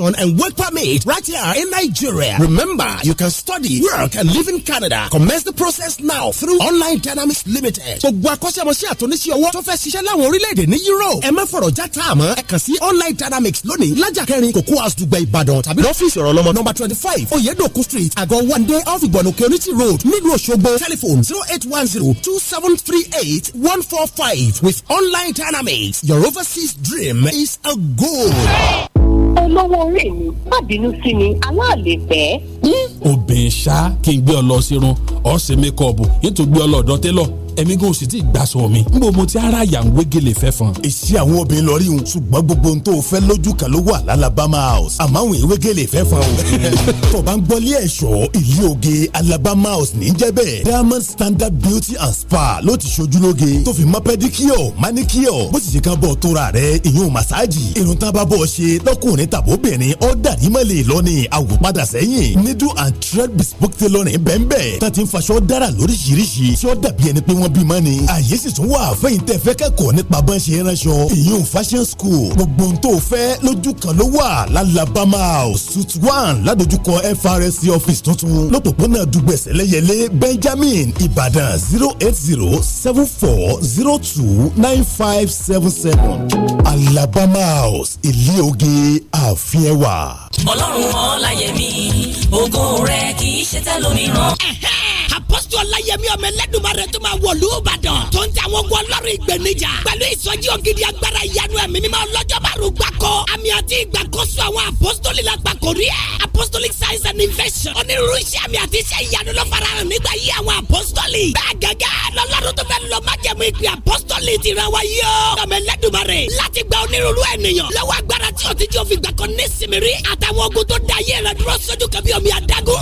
education and work permit right here in Nigeria. Remember, you can study, work, and live in Canada. Commence the process now through Online Dynamics Limited. So, akọ́ṣẹ́mọṣẹ́ àtúnṣe ọwọ́ tó fẹ́ ṣiṣẹ́ láwọn orílẹ̀-èdè ní Europe. ẹ má fọ̀rọ̀ I tá a Online Dynamics lónìí lájà kẹrin Cocoa House Dùgbẹ̀ Ìbàdàn tàbí lọ́fíìsì ọ̀rọ̀ number? Number twenty five Oyedoku street I got one day off Ìgbọ̀nù Community road Negro Òṣogbo telephone zero eight one zero two seven three eight one four five with Online Dynamics your overseas dream is a goal. olówó orí mi má bínú sí mi aláàlè pẹ́. obìnrin ṣá kí n gbé ọ lọ sírun ọ̀sẹ̀ mẹ́kọ̀ọ̀bù nítorí gbé ọ lọ ọ̀dọ́ èmi gan òsì tí gbàsọ mi nbọ mo ti ara yà ń wégele fẹ́ fan. èsì àwọn obìnrin lọ rí un ṣùgbọ́n gbogbo ohun tó o fẹ́ lójú kan ló wà l'Alabama house àmọ́ àwọn ìwégele fẹ́ fan o. tó bá ń gbọ́lé ẹ̀ṣọ́ ìlú oge Alabama house ní jẹ́ bẹ́ẹ̀ Diamond Standard Beauty and Spa ló ti ṣojúlóge tó fi mọ́ pẹ́díkíọ̀ máníkíọ̀ bó ti ṣe ká bọ̀ tóra rẹ̀ ìyún màsáàjì irun tá a bá bọ̀ ṣe lọ́kùnrin tàbóbìnrin ó dàdí mọ́lẹ̀ lọ́ni àwòpadà sẹ́yìn needle and thread bespoke tailoring bẹ́ẹ̀ bẹ́ẹ̀ tá ti ń faṣọ dára lóríṣiríṣi tí ó dàbí ẹni pé wọ́n wọ́n bímọ ni àyè sì tún wà fẹ́yìn tẹ́ fẹ́ kẹ́kọ̀ọ́ nípa bọ́n ṣe ránṣọ ìyún fashion school gbogbo ohun tó fẹ́ lójú kan ló wà lálàbámà house suit one ládojúkọ FRC office tuntun lọ́pọ̀pọ̀nà dùgbẹ̀sẹ̀ lẹ́yẹlé Benjamin Ìbàdàn zero eight zero seven four zero two nine five seven seven Alabama house ilé oge àfihàn wà. Ọlọ́run ọ̀la yẹ̀mí ògo rẹ̀ kì í ṣe tẹ́lómìíràn apọ́sítọ̀ ọláyẹmí ọmọ ẹlẹ́dùnmarè tó máa wọ̀lú ìbàdàn tó ń tẹ àwọn ogun ọlọ́run ìgbẹ́nijà pẹ̀lú ìsọjí ògidì agbára ìyanu ẹ̀mí mímọ́ ọlọ́jọ́ márùn gbáko àmì àti ìgbàkóso àwọn apọ́sítọ́lì la gbà kórí ẹ̀ apostolic science and invention onírúurú iṣẹ́ àmì àti iṣẹ́ ìyanu ló fara hàn nígbà yí àwọn apọ́sítọ́lì bẹ́ẹ̀ gẹ́gẹ́ lọ́lọ́run tó fẹ́ lọ májẹ̀mú ìpè apọ́sítọ́lì ti ra wa yọ ọmọ ẹlẹ́dùnmarè láti gba onírúurú ènìyàn lọ́wọ́ agbára tí òtítí òfin gbàkan ní sìmìrì àtàwọn ogun tó da ayé rẹ̀ dúró sójú kàbí omi adágún